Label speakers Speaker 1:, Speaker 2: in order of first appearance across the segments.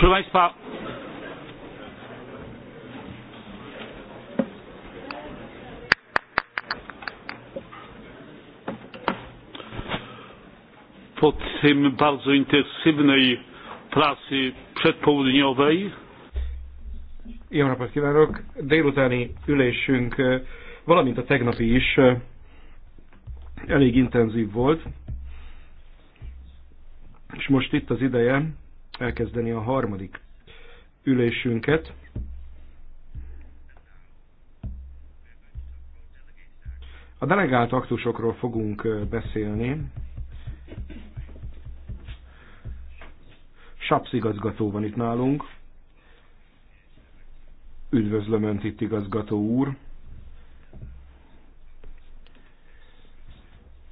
Speaker 1: Proszę Państwa, po tym bardzo intensywnej pracy przedpołudniowej.
Speaker 2: Jó napot kívánok! Délutáni ülésünk, e, valamint a tegnapi is e, elég intenzív volt, és most itt az ideje, elkezdeni a harmadik ülésünket. A delegált aktusokról fogunk beszélni. SAPS igazgató van itt nálunk. Üdvözlöm Önt itt, igazgató úr.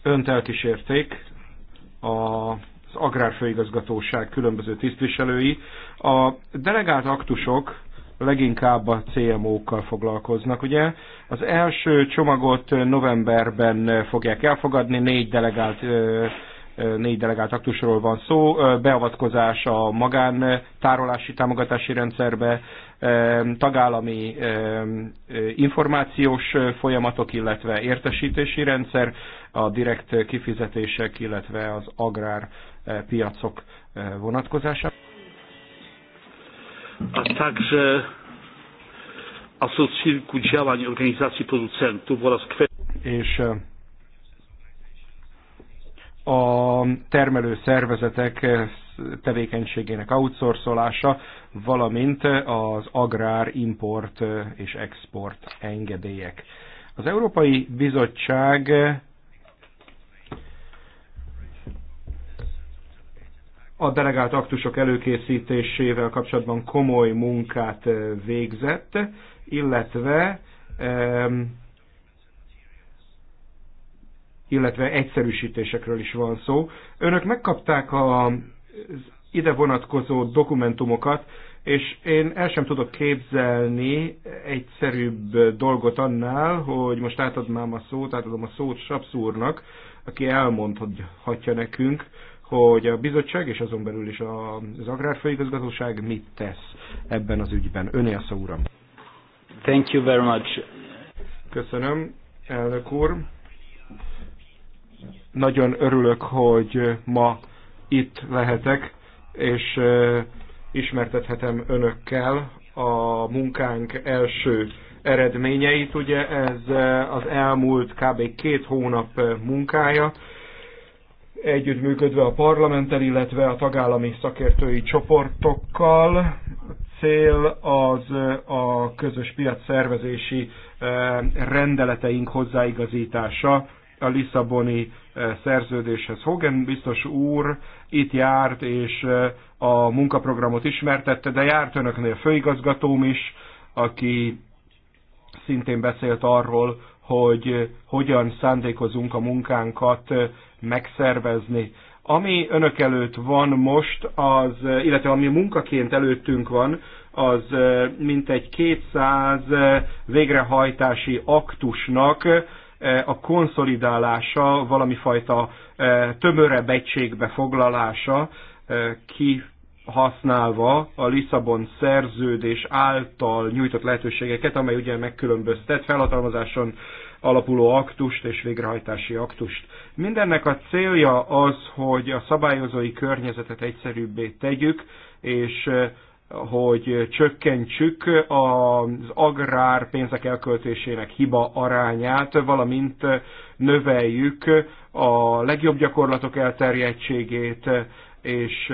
Speaker 2: Önt elkísérték a az Agrárfőigazgatóság különböző tisztviselői. A delegált aktusok leginkább a CMO-kkal foglalkoznak, ugye? Az első csomagot novemberben fogják elfogadni, négy delegált négy delegált aktusról van szó, beavatkozás a magán tárolási támogatási rendszerbe, tagállami információs folyamatok, illetve értesítési rendszer, a direkt kifizetések, illetve az agrár E, piacok e, vonatkozása. A także asocjilku
Speaker 1: działań organizacji producentów oraz
Speaker 2: és e, a termelő szervezetek tevékenységének outsourcolása, valamint az agrár import és export engedélyek. Az Európai Bizottság a delegált aktusok előkészítésével kapcsolatban komoly munkát eh, végzett, illetve illetve egyszerűsítésekről is van szó. Önök megkapták a ide vonatkozó dokumentumokat, és én el sem tudok képzelni egyszerűbb dolgot annál, hogy most átadnám a szót, átadom a szót Sapszúrnak, aki elmondhatja nekünk, hogy a bizottság és azon belül is az agrárfőigazgatóság mit tesz ebben az ügyben. Öné a szó, uram. Thank you very much. Köszönöm, elnök úr. Nagyon örülök, hogy ma itt lehetek, és eh, ismertethetem önökkel a munkánk első eredményeit. Ugye ez eh, az elmúlt kb. két hónap eh, munkája, együttműködve a parlamenttel, illetve a tagállami szakértői csoportokkal. Cél az eh, a közös piac szervezési eh, rendeleteink hozzáigazítása a Lisszaboni eh, szerződéshez. Hogan biztos úr itt járt, és a munkaprogramot ismertette, de járt önöknél főigazgatóm is, aki szintén beszélt arról, hogy eh, hogyan szándékozunk a munkánkat eh, megszervezni. Ami önök előtt van most, az, eh, illetve ami munkaként előttünk van, az mintegy 200 végrehajtási aktusnak a konszolidálása, valami fajta tömörebb egységbe foglalása, ki használva a Lisszabon szerződés által nyújtott lehetőségeket, amely ugye megkülönböztet felhatalmazáson alapuló aktust és végrehajtási aktust. Mindennek a célja az, hogy a szabályozói környezetet egyszerűbbé tegyük, és eh, hogy csökkentsük az agrár pénzek elköltésének hiba arányát, valamint eh, növeljük a legjobb gyakorlatok elterjedtségét, eh, és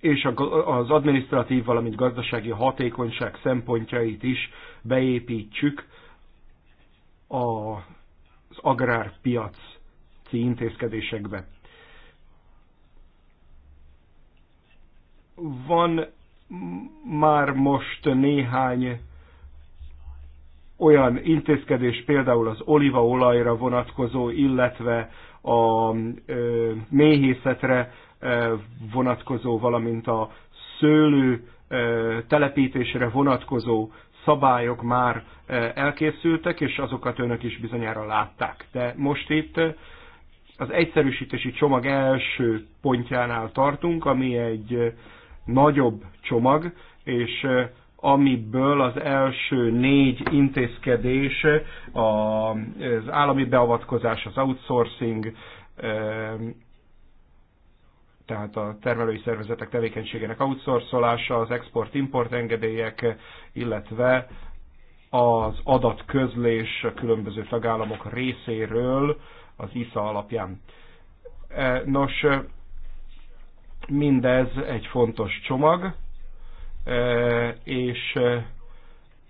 Speaker 2: és az adminisztratív, valamint gazdasági hatékonyság szempontjait is beépítsük az agrárpiaci intézkedésekbe. Van már most néhány olyan intézkedés, például az olívaolajra vonatkozó, illetve a méhészetre vonatkozó, valamint a szőlő telepítésre vonatkozó szabályok már elkészültek, és azokat önök is bizonyára látták. De most itt az egyszerűsítési csomag első pontjánál tartunk, ami egy nagyobb csomag, és amiből az első négy intézkedés az állami beavatkozás, az outsourcing, tehát a termelői szervezetek tevékenységének outsourcolása, az export-import engedélyek, illetve az adatközlés a különböző tagállamok részéről az ISA alapján. E, nos, mindez egy fontos csomag, e, és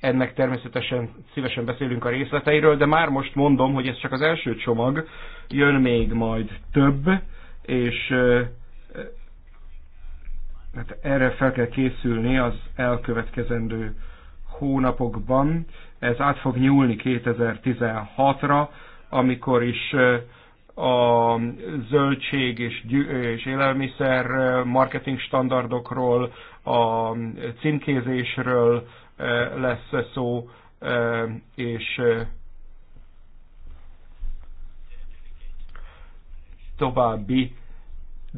Speaker 2: ennek természetesen szívesen beszélünk a részleteiről, de már most mondom, hogy ez csak az első csomag, jön még majd több, és e, hát erre fel kell készülni az elkövetkezendő hónapokban. Ez át fog nyúlni 2016-ra, amikor is a zöldség és, és élelmiszer marketing standardokról, a címkézésről lesz szó, és további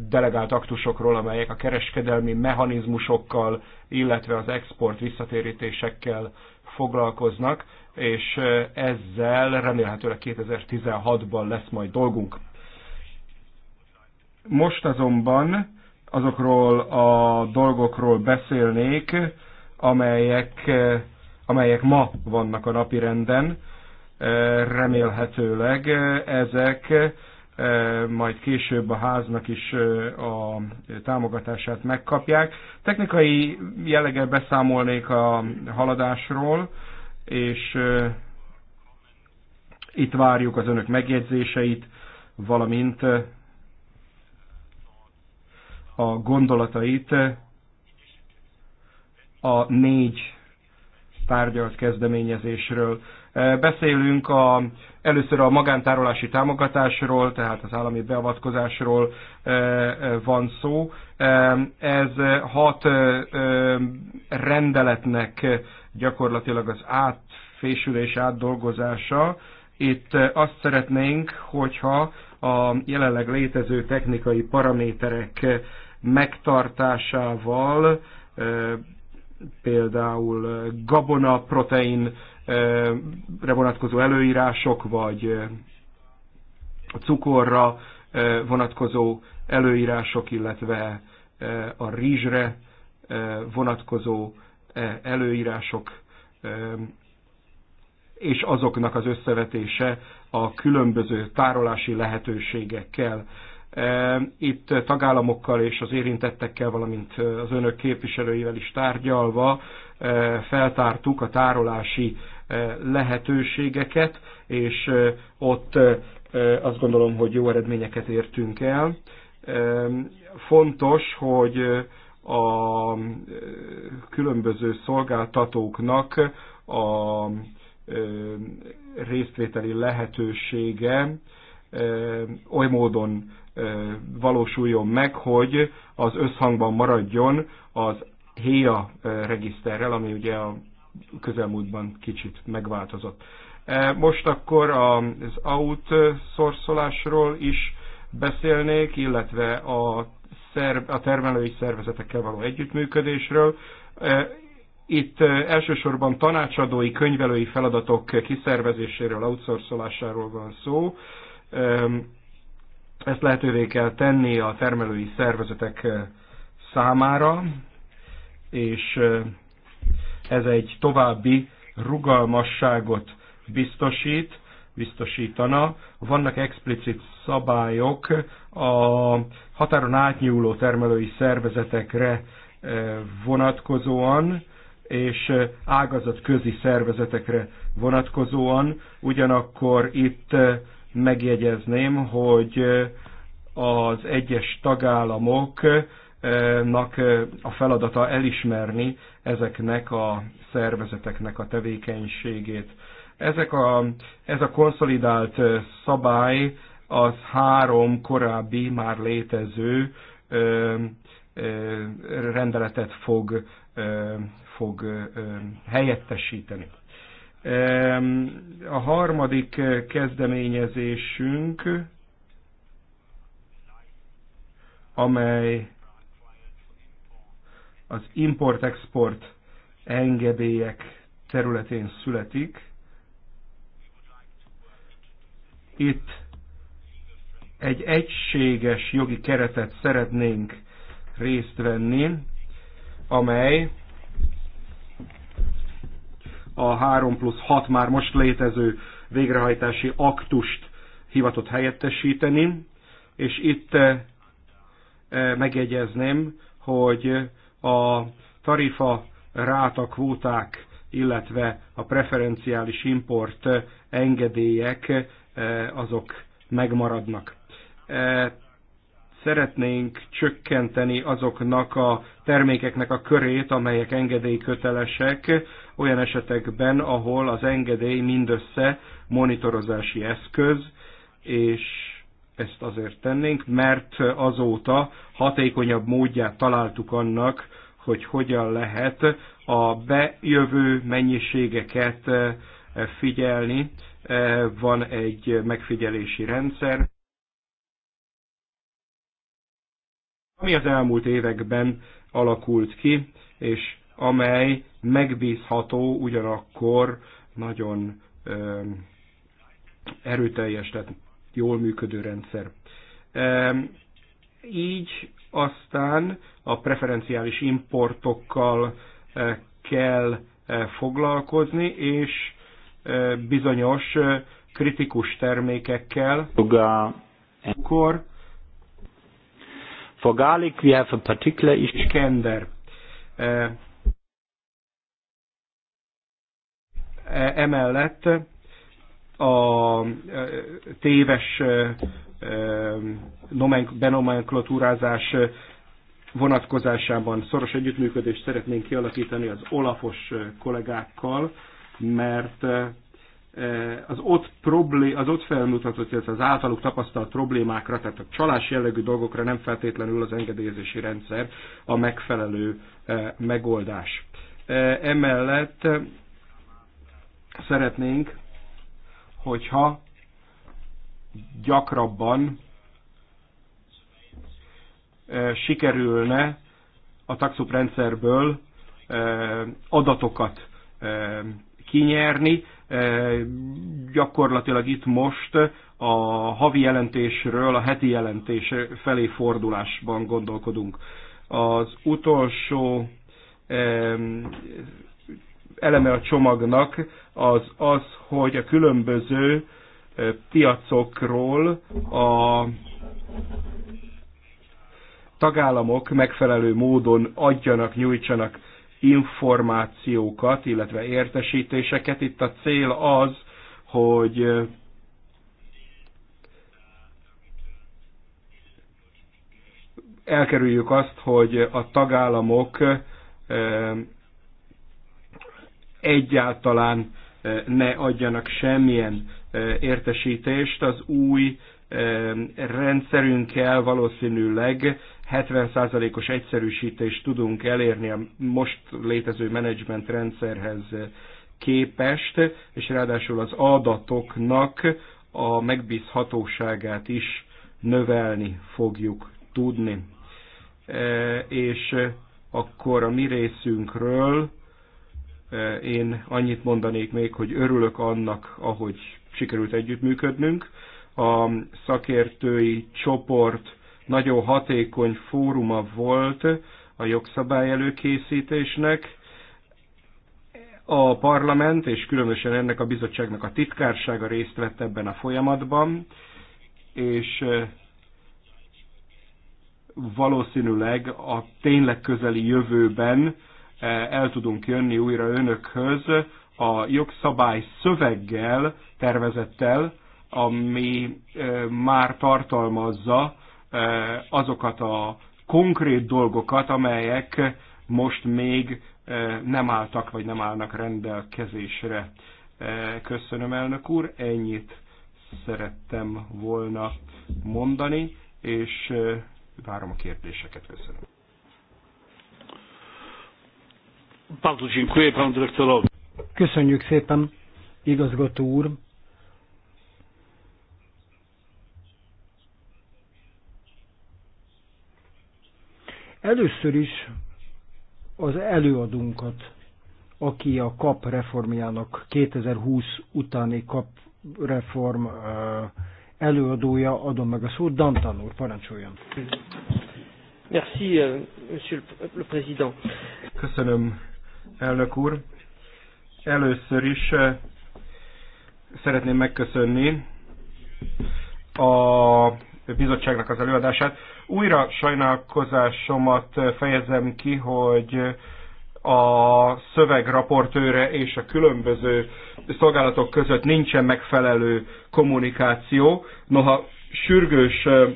Speaker 2: delegált aktusokról, amelyek a kereskedelmi mechanizmusokkal, illetve az export visszatérítésekkel foglalkoznak, és ezzel remélhetőleg 2016-ban lesz majd dolgunk. Most azonban azokról a dolgokról beszélnék, amelyek, amelyek ma vannak a napirenden. Remélhetőleg ezek majd később a háznak is a támogatását megkapják. Technikai jelleggel beszámolnék a haladásról, és itt várjuk az önök megjegyzéseit, valamint a gondolatait a négy tárgyalt kezdeményezésről. Beszélünk a, először a magántárolási támogatásról, tehát az állami beavatkozásról van szó. Ez hat rendeletnek gyakorlatilag az átfésülés, átdolgozása. Itt azt szeretnénk, hogyha a jelenleg létező technikai paraméterek megtartásával például gabona protein re vonatkozó előírások, vagy a cukorra vonatkozó előírások, illetve a rizsre vonatkozó előírások és azoknak az összevetése a különböző tárolási lehetőségekkel. Itt tagállamokkal és az érintettekkel, valamint az önök képviselőivel is tárgyalva feltártuk a tárolási lehetőségeket, és ott azt gondolom, hogy jó eredményeket értünk el. Fontos, hogy a különböző szolgáltatóknak a résztvételi lehetősége oly módon valósuljon meg, hogy az összhangban maradjon az HIA e regiszterrel, ami ugye a közelmúltban kicsit megváltozott. E, most akkor az outsourcolásról is beszélnék, illetve a, szerv, a termelői szervezetekkel való együttműködésről. E, itt e, elsősorban tanácsadói, könyvelői feladatok kiszervezéséről, outsourcolásáról van szó. Ezt lehetővé kell tenni a termelői szervezetek számára, és ez egy további rugalmasságot biztosít, biztosítana. Vannak explicit szabályok a határon átnyúló termelői szervezetekre eh, vonatkozóan, és eh, ágazat közi szervezetekre vonatkozóan. Ugyanakkor itt eh, megjegyezném, hogy az egyes tagállamok nak a feladata elismerni ezeknek a szervezeteknek a tevékenységét. Ezek a, ez a konszolidált szabály az három korábbi már létező ö, ö, rendeletet fog, ö, fog ö, helyettesíteni. A harmadik kezdeményezésünk, amely az import-export engedélyek területén születik. Itt egy egységes jogi keretet szeretnénk részt venni, amely a 3 plusz 6 már most létező végrehajtási aktust hivatott helyettesíteni, és itt eh, megjegyezném, hogy a tarifa ráta kvóták, illetve a preferenciális import engedélyek e, azok megmaradnak. E, szeretnénk csökkenteni azoknak a termékeknek a körét, amelyek engedélykötelesek, olyan esetekben, ahol az engedély mindössze monitorozási eszköz, és ezt azért tennénk, mert azóta hatékonyabb módját találtuk annak, hogy hogyan lehet a bejövő mennyiségeket eh, figyelni. Eh, van egy megfigyelési rendszer. ami az elmúlt években alakult ki, és amely megbízható, ugyanakkor nagyon eh, erőteljes, tehát jól működő rendszer. Így aztán a preferenciális importokkal e, kell e, foglalkozni, és e, bizonyos kritikus termékekkel. Akkor Fogálik, we have a particular issue. Skender. Emellett a e, téves e, e, benomenklatúrázás vonatkozásában szoros együttműködést szeretnénk kialakítani az olafos kollégákkal, mert az ott, problé, az ott felmutatott, illetve az általuk tapasztalt problémákra, tehát a csalás jellegű dolgokra nem feltétlenül az engedélyezési rendszer a megfelelő megoldás. Emellett szeretnénk hogyha gyakrabban sikerülne a taxup rendszerből adatokat kinyerni. Gyakorlatilag itt most a havi jelentésről a heti jelentés felé fordulásban gondolkodunk. Az utolsó eleme a csomagnak az az, hogy a különböző piacokról a tagállamok megfelelő módon adjanak, nyújtsanak információkat, illetve értesítéseket. Itt a cél az, hogy elkerüljük azt, hogy a tagállamok egyáltalán eh, ne adjanak semmilyen eh, értesítést. Az új eh, rendszerünkkel valószínűleg 70%-os egyszerűsítést tudunk elérni a most létező menedzsment rendszerhez képest, és ráadásul az adatoknak a megbízhatóságát is növelni fogjuk tudni. És akkor a mi részünkről Eh, én annyit mondanék még, hogy örülök annak, ahogy sikerült együttműködnünk. A szakértői csoport nagyon hatékony fóruma volt a jogszabály előkészítésnek. A parlament és különösen ennek a bizottságnak a titkársága részt vett ebben a folyamatban, és eh, valószínűleg a tényleg közeli jövőben el tudunk jönni újra önökhöz a jogszabály szöveggel, tervezettel, ami már tartalmazza azokat a konkrét dolgokat, amelyek most még nem álltak, vagy nem állnak rendelkezésre. Köszönöm, elnök úr, ennyit szerettem volna mondani, és várom a kérdéseket. Köszönöm.
Speaker 1: Bardzo dziękuję panu dyrektorowi.
Speaker 3: Köszönjük szépen, igazgató úr. Először is az előadunkat, aki a KAP reformjának 2020 utáni KAP reform előadója, adom meg a szót, Dantan úr, parancsoljon.
Speaker 2: Merci, euh, monsieur le président. Köszönöm, elnök úr. Először is eh, szeretném megköszönni a bizottságnak az előadását. Újra sajnálkozásomat eh, fejezem ki, hogy a szövegraportőre és a különböző szolgálatok között nincsen megfelelő kommunikáció. Noha sürgős eh,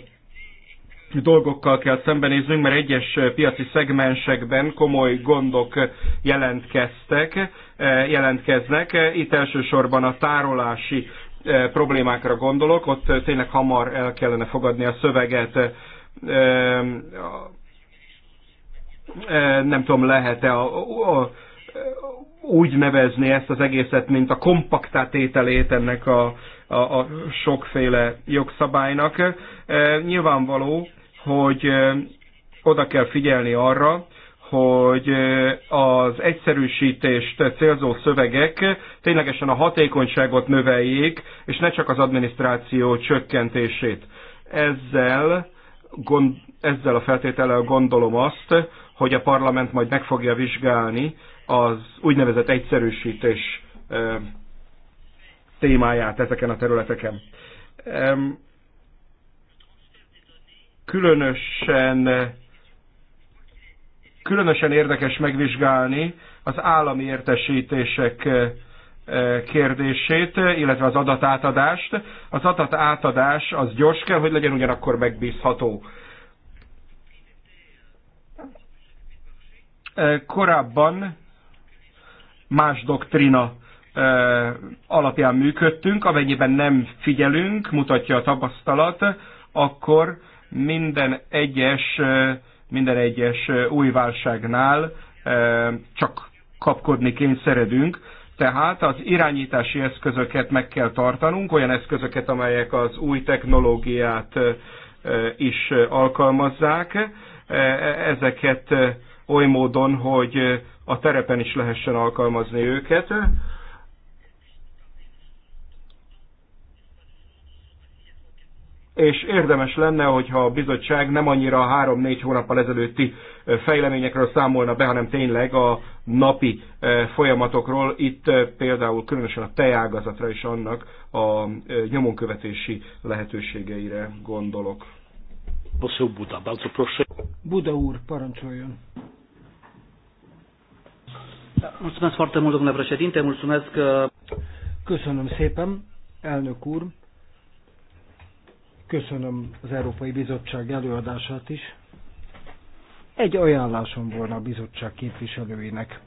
Speaker 2: dolgokkal kell szembenéznünk, mert egyes piaci szegmensekben komoly gondok jelentkeztek, eh, jelentkeznek. Itt elsősorban a tárolási eh, problémákra gondolok, ott eh, tényleg hamar el kellene fogadni a szöveget. Nem tudom, lehet-e a, a, úgy nevezni ezt az egészet, mint a kompaktátételét ennek a, a, a sokféle jogszabálynak. Nyilvánvaló, hogy oda kell figyelni arra, hogy az egyszerűsítést célzó szövegek ténylegesen a hatékonyságot növeljék, és ne csak az adminisztráció csökkentését. Ezzel, gond, ezzel a feltétellel gondolom azt, hogy a parlament majd meg fogja vizsgálni az úgynevezett egyszerűsítés témáját ezeken a területeken különösen, különösen érdekes megvizsgálni az állami értesítések eh, kérdését, illetve az adatátadást. Az adatátadás az gyors kell, hogy legyen ugyanakkor megbízható. Eh, korábban más doktrina eh, alapján működtünk, amennyiben nem figyelünk, mutatja a tapasztalat, akkor minden egyes, minden egyes új válságnál csak kapkodni kényszeredünk, tehát az irányítási eszközöket meg kell tartanunk, olyan eszközöket, amelyek az új technológiát is alkalmazzák, ezeket oly módon, hogy a terepen is lehessen alkalmazni őket. és érdemes lenne, hogyha a bizottság nem annyira három-négy hónappal ezelőtti fejleményekről számolna be, hanem tényleg a napi folyamatokról. Itt például különösen a tejágazatra és annak a nyomonkövetési lehetőségeire gondolok. Buda,
Speaker 3: Buda úr, parancsoljon! Uh, Köszönöm szépen, elnök úr! Köszönöm az Európai Bizottság előadását is. Egy ajánlásom volna a bizottság képviselőinek.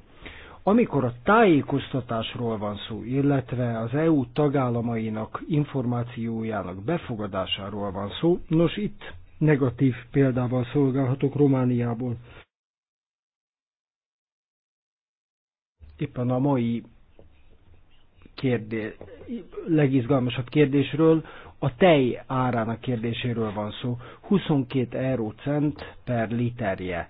Speaker 3: Amikor a tájékoztatásról van szó, illetve az EU tagállamainak információjának befogadásáról van szó, nos itt negatív példával szolgálhatok Romániából. Éppen a mai kérdé, legizgalmasabb kérdésről, a tej árának kérdéséről van szó. 22 eurócent per literje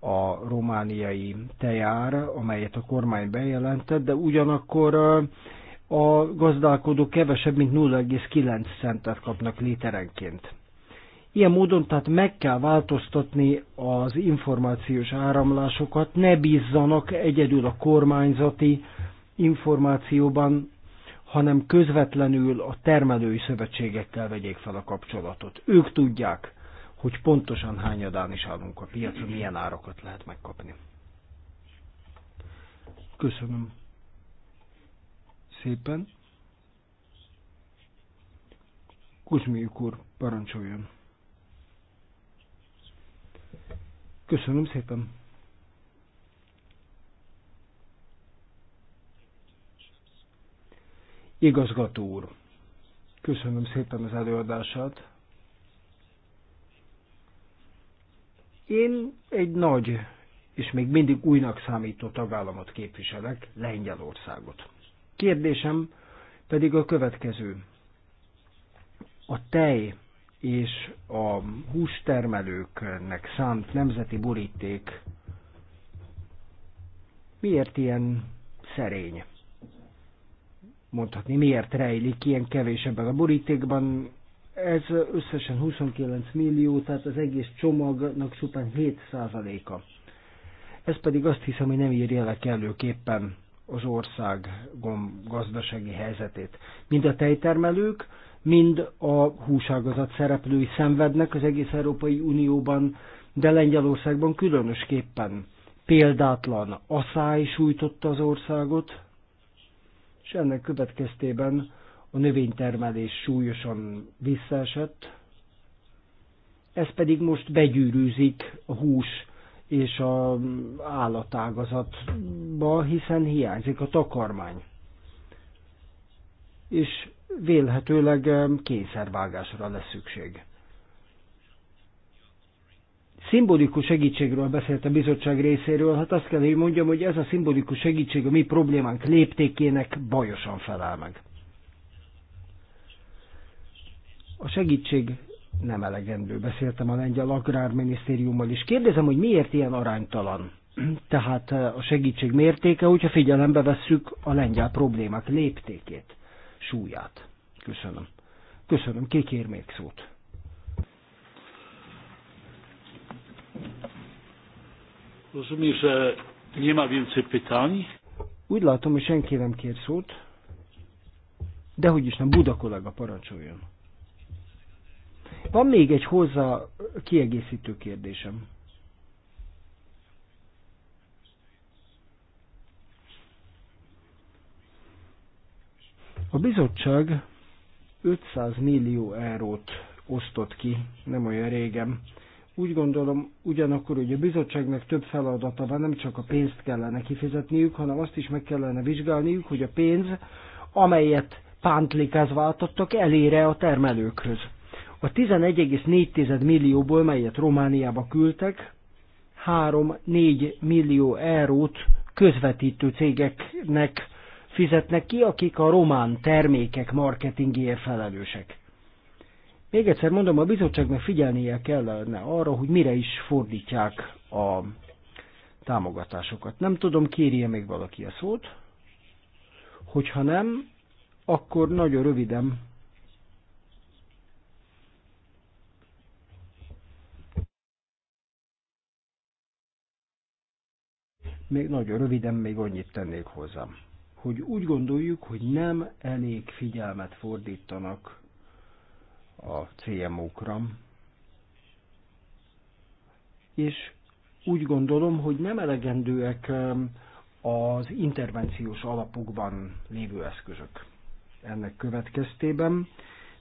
Speaker 3: a romániai tejár, amelyet a kormány bejelentett, de ugyanakkor a gazdálkodók kevesebb, mint 0,9 centet kapnak literenként. Ilyen módon tehát meg kell változtatni az információs áramlásokat, ne bízzanak egyedül a kormányzati információban, hanem közvetlenül a termelői szövetségekkel vegyék fel a kapcsolatot. Ők tudják, hogy pontosan hányadán is állunk a piacon, milyen árakat lehet megkapni. Köszönöm szépen. Kuzmiuk úr, parancsoljon. Köszönöm szépen. Igazgató úr, köszönöm szépen az előadását. Én egy nagy és még mindig újnak számító tagállamot képviselek, Lengyelországot. Kérdésem pedig a következő. A tej és a hústermelőknek szánt nemzeti boríték miért ilyen szerény? mondhatni, miért rejlik ilyen kevés ebben a borítékban. Ez összesen 29 millió, tehát az egész csomagnak csupán 7%-a. Ez pedig azt hiszem, hogy nem írja le kellőképpen az ország gazdasági helyzetét. Mind a tejtermelők, mind a húságazat szereplői szenvednek az egész Európai Unióban, de Lengyelországban különösképpen. Példátlan asszály sújtotta az országot, és ennek következtében a növénytermelés súlyosan visszaesett, ez pedig most begyűrűzik a hús és a állatágazatba, hiszen hiányzik a takarmány. És vélhetőleg eh, kényszervágásra lesz szükség. Szimbolikus segítségről beszélt a bizottság részéről, hát azt kell, hogy mondjam, hogy ez a szimbolikus segítség a mi problémánk léptékének bajosan felel meg. A segítség nem elegendő. Beszéltem a lengyel agrárminisztériummal is. Kérdezem, hogy miért ilyen aránytalan? Tehát eh, a segítség mértéke, hogyha figyelembe vesszük a lengyel problémák léptékét, súlyát. Köszönöm. Köszönöm. kikér még szót?
Speaker 1: że nie ma więcej pytań.
Speaker 3: Úgy látom, hogy senki nem kér szót. hogy is nem, Buda kollega, parancsoljon. Van még egy hozzá kiegészítő kérdésem. A bizottság 500 millió eurót osztott ki, nem olyan régen, úgy gondolom ugyanakkor, hogy a bizottságnak több feladata van, nem csak a pénzt kellene kifizetniük, hanem azt is meg kellene vizsgálniuk, hogy a pénz, amelyet pántlikáz váltottak, elére a termelőkhöz. A 11,4 millióból, melyet Romániába küldtek, 3-4 millió eurót közvetítő cégeknek fizetnek ki, akik a román termékek marketingért felelősek. Még egyszer mondom, a bizottságnak figyelnie kellene arra, hogy mire is fordítják a támogatásokat. Nem tudom, kérje még valaki a szót. Hogyha nem, akkor nagyon röviden még nagyon röviden még annyit tennék hozzám, hogy úgy gondoljuk, hogy nem elég figyelmet fordítanak a CMO-kra. És úgy gondolom, hogy nem elegendőek um, az intervenciós alapokban lévő eszközök. Ennek következtében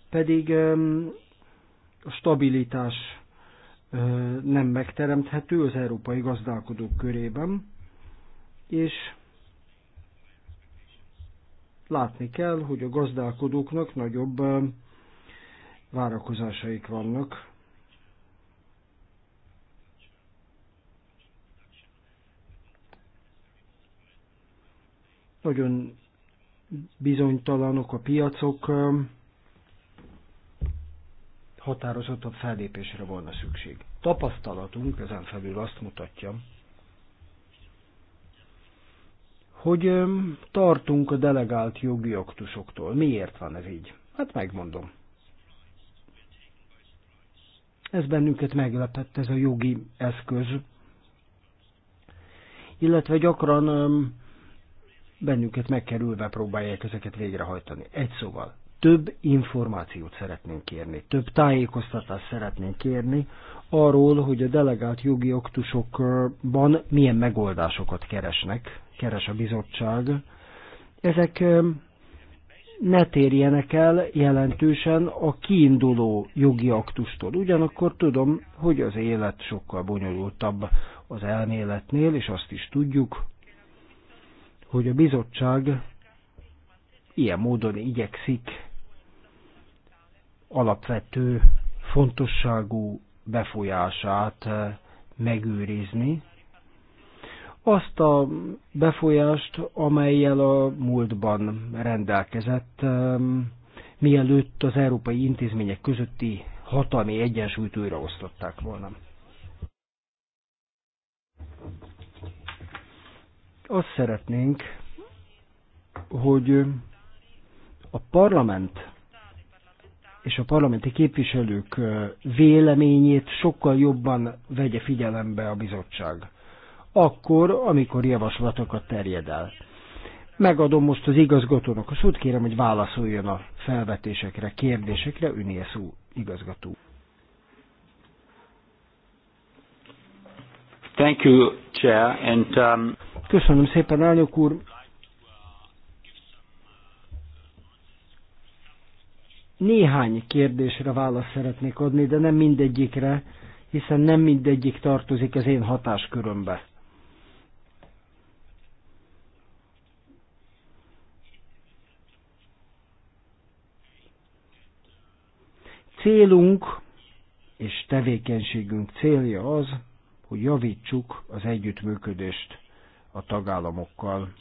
Speaker 3: pedig um, a stabilitás uh, nem megteremthető az európai gazdálkodók körében, és látni kell, hogy a gazdálkodóknak nagyobb um, várakozásaik vannak. Nagyon bizonytalanok a piacok, határozottabb fellépésre volna szükség. Tapasztalatunk ezen felül azt mutatja, hogy tartunk a delegált jogi aktusoktól. Miért van ez így? Hát megmondom. Ez bennünket meglepett, ez a jogi eszköz. Illetve gyakran bennünket megkerülve próbálják ezeket végrehajtani. Egy szóval, több információt szeretnénk kérni, több tájékoztatást szeretnénk kérni arról, hogy a delegált jogi oktusokban milyen megoldásokat keresnek, keres a bizottság. Ezek ne térjenek el jelentősen a kiinduló jogi aktustól. Ugyanakkor tudom, hogy az élet sokkal bonyolultabb az elméletnél, és azt is tudjuk, hogy a bizottság ilyen módon igyekszik alapvető fontosságú befolyását megőrizni, azt a befolyást, amelyel a múltban rendelkezett, um, mielőtt az európai intézmények közötti hatalmi egyensúlyt újraosztották volna. Azt szeretnénk, hogy a parlament és a parlamenti képviselők uh, véleményét sokkal jobban vegye figyelembe a bizottság akkor, amikor javaslatokat terjed el. Megadom most az igazgatónak a szót, kérem, hogy válaszoljon a felvetésekre, kérdésekre, ünél szó igazgató.
Speaker 1: Thank you, Chair, and, um...
Speaker 3: Köszönöm szépen, elnök úr. Néhány kérdésre választ szeretnék adni, de nem mindegyikre, hiszen nem mindegyik tartozik az én hatáskörömbe. Célunk és tevékenységünk célja az, hogy javítsuk az együttműködést a tagállamokkal,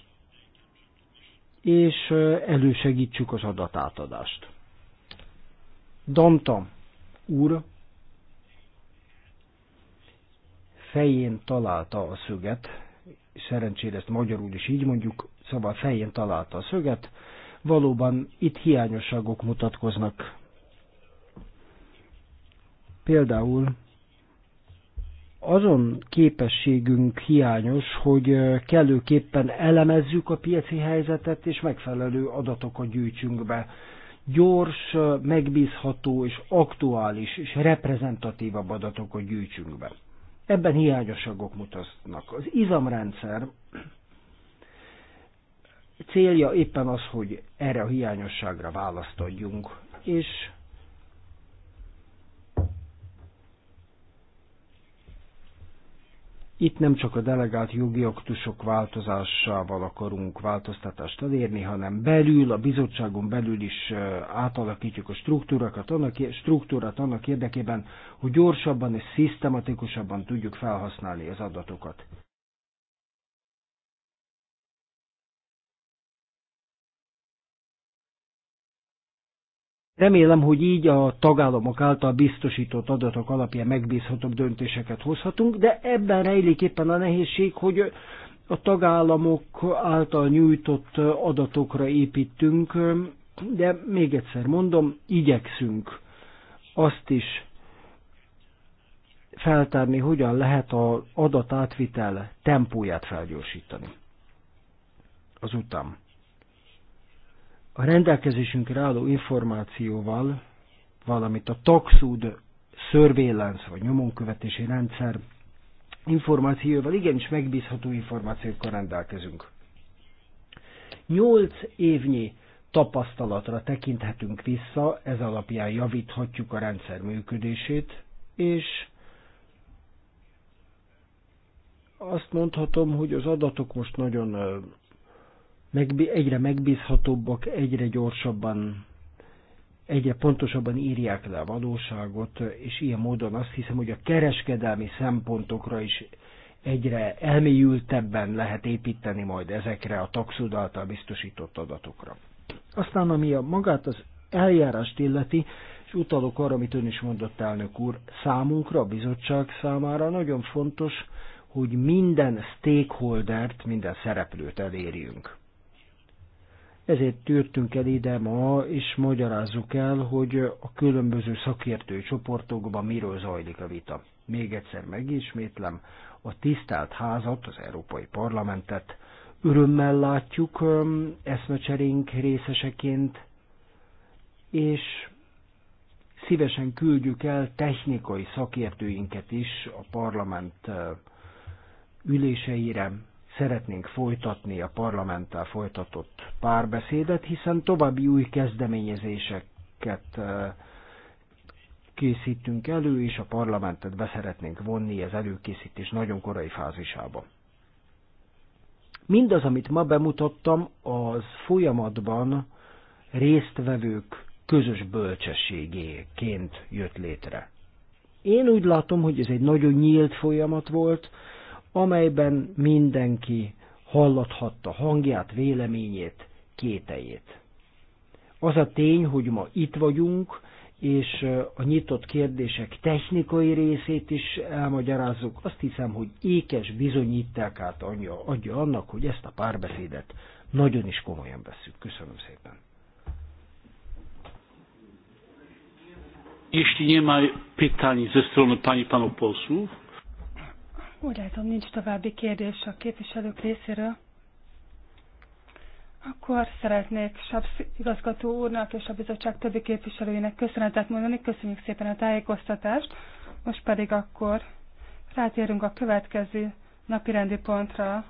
Speaker 3: és elősegítsük az adatátadást. Danta úr fején találta a szöget, és szerencsére ezt magyarul is így mondjuk, szóval fején találta a szöget, valóban itt hiányosságok mutatkoznak Például azon képességünk hiányos, hogy kellőképpen elemezzük a piaci helyzetet, és megfelelő adatokat gyűjtsünk be. Gyors, megbízható és aktuális és reprezentatívabb adatokat gyűjtsünk be. Ebben hiányosságok mutatnak. Az izamrendszer célja éppen az, hogy erre a hiányosságra választ adjunk, és Itt nem csak a delegált jogi aktusok változásával akarunk változtatást elérni, hanem belül, a bizottságon belül is átalakítjuk a struktúrákat, annak, struktúrát annak érdekében, hogy gyorsabban és szisztematikusabban tudjuk felhasználni az adatokat. Remélem, hogy így a tagállamok által biztosított adatok alapján megbízhatóbb döntéseket hozhatunk, de ebben rejlik éppen a nehézség, hogy a tagállamok által nyújtott adatokra építünk, de még egyszer mondom, igyekszünk azt is feltárni, hogyan lehet az adatátvitel tempóját felgyorsítani. Azután a rendelkezésünkre álló információval, valamint a taxud surveillance vagy nyomonkövetési rendszer információval igenis megbízható információkkal rendelkezünk. Nyolc évnyi tapasztalatra tekinthetünk vissza, ez alapján javíthatjuk a rendszer működését, és azt mondhatom, hogy az adatok most nagyon megbi- egyre megbízhatóbbak, egyre gyorsabban, egyre pontosabban írják le a valóságot, és ilyen módon azt hiszem, hogy a kereskedelmi szempontokra is egyre elmélyültebben lehet építeni majd ezekre a taxud által biztosított adatokra. Aztán, ami a magát az eljárást illeti, és utalok arra, amit ön is mondott, elnök úr, számunkra, a bizottság számára nagyon fontos, hogy minden stakeholdert, minden szereplőt elérjünk. Ezért tűrtünk el ide ma, és magyarázzuk el, hogy a különböző szakértői csoportokban miről zajlik a vita. Még egyszer megismétlem, a tisztelt házat, az Európai Parlamentet örömmel látjuk eszmecserénk részeseként, és szívesen küldjük el technikai szakértőinket is a parlament üléseire, szeretnénk folytatni a parlamenttel folytatott párbeszédet, hiszen további új kezdeményezéseket készítünk elő, és a parlamentet beszeretnénk vonni az előkészítés nagyon korai fázisába. Mindaz, amit ma bemutattam, az folyamatban résztvevők közös bölcsességéként jött létre. Én úgy látom, hogy ez egy nagyon nyílt folyamat volt, amelyben mindenki hallathatta hangját, véleményét, kételjét. Az a tény, hogy ma itt vagyunk, és a nyitott kérdések technikai részét is elmagyarázzuk, azt hiszem, hogy ékes bizonyítákát adja, adja annak, hogy ezt a párbeszédet nagyon is komolyan veszük. Köszönöm szépen.
Speaker 1: Jeśli nie ma pytań ze strony pani panów posłów,
Speaker 4: úgy látom, nincs további kérdés a képviselők részéről. Akkor szeretnék SAPS igazgató úrnak és a bizottság többi képviselőjének köszönetet mondani. Köszönjük szépen a tájékoztatást. Most pedig akkor rátérünk a következő napirendi pontra.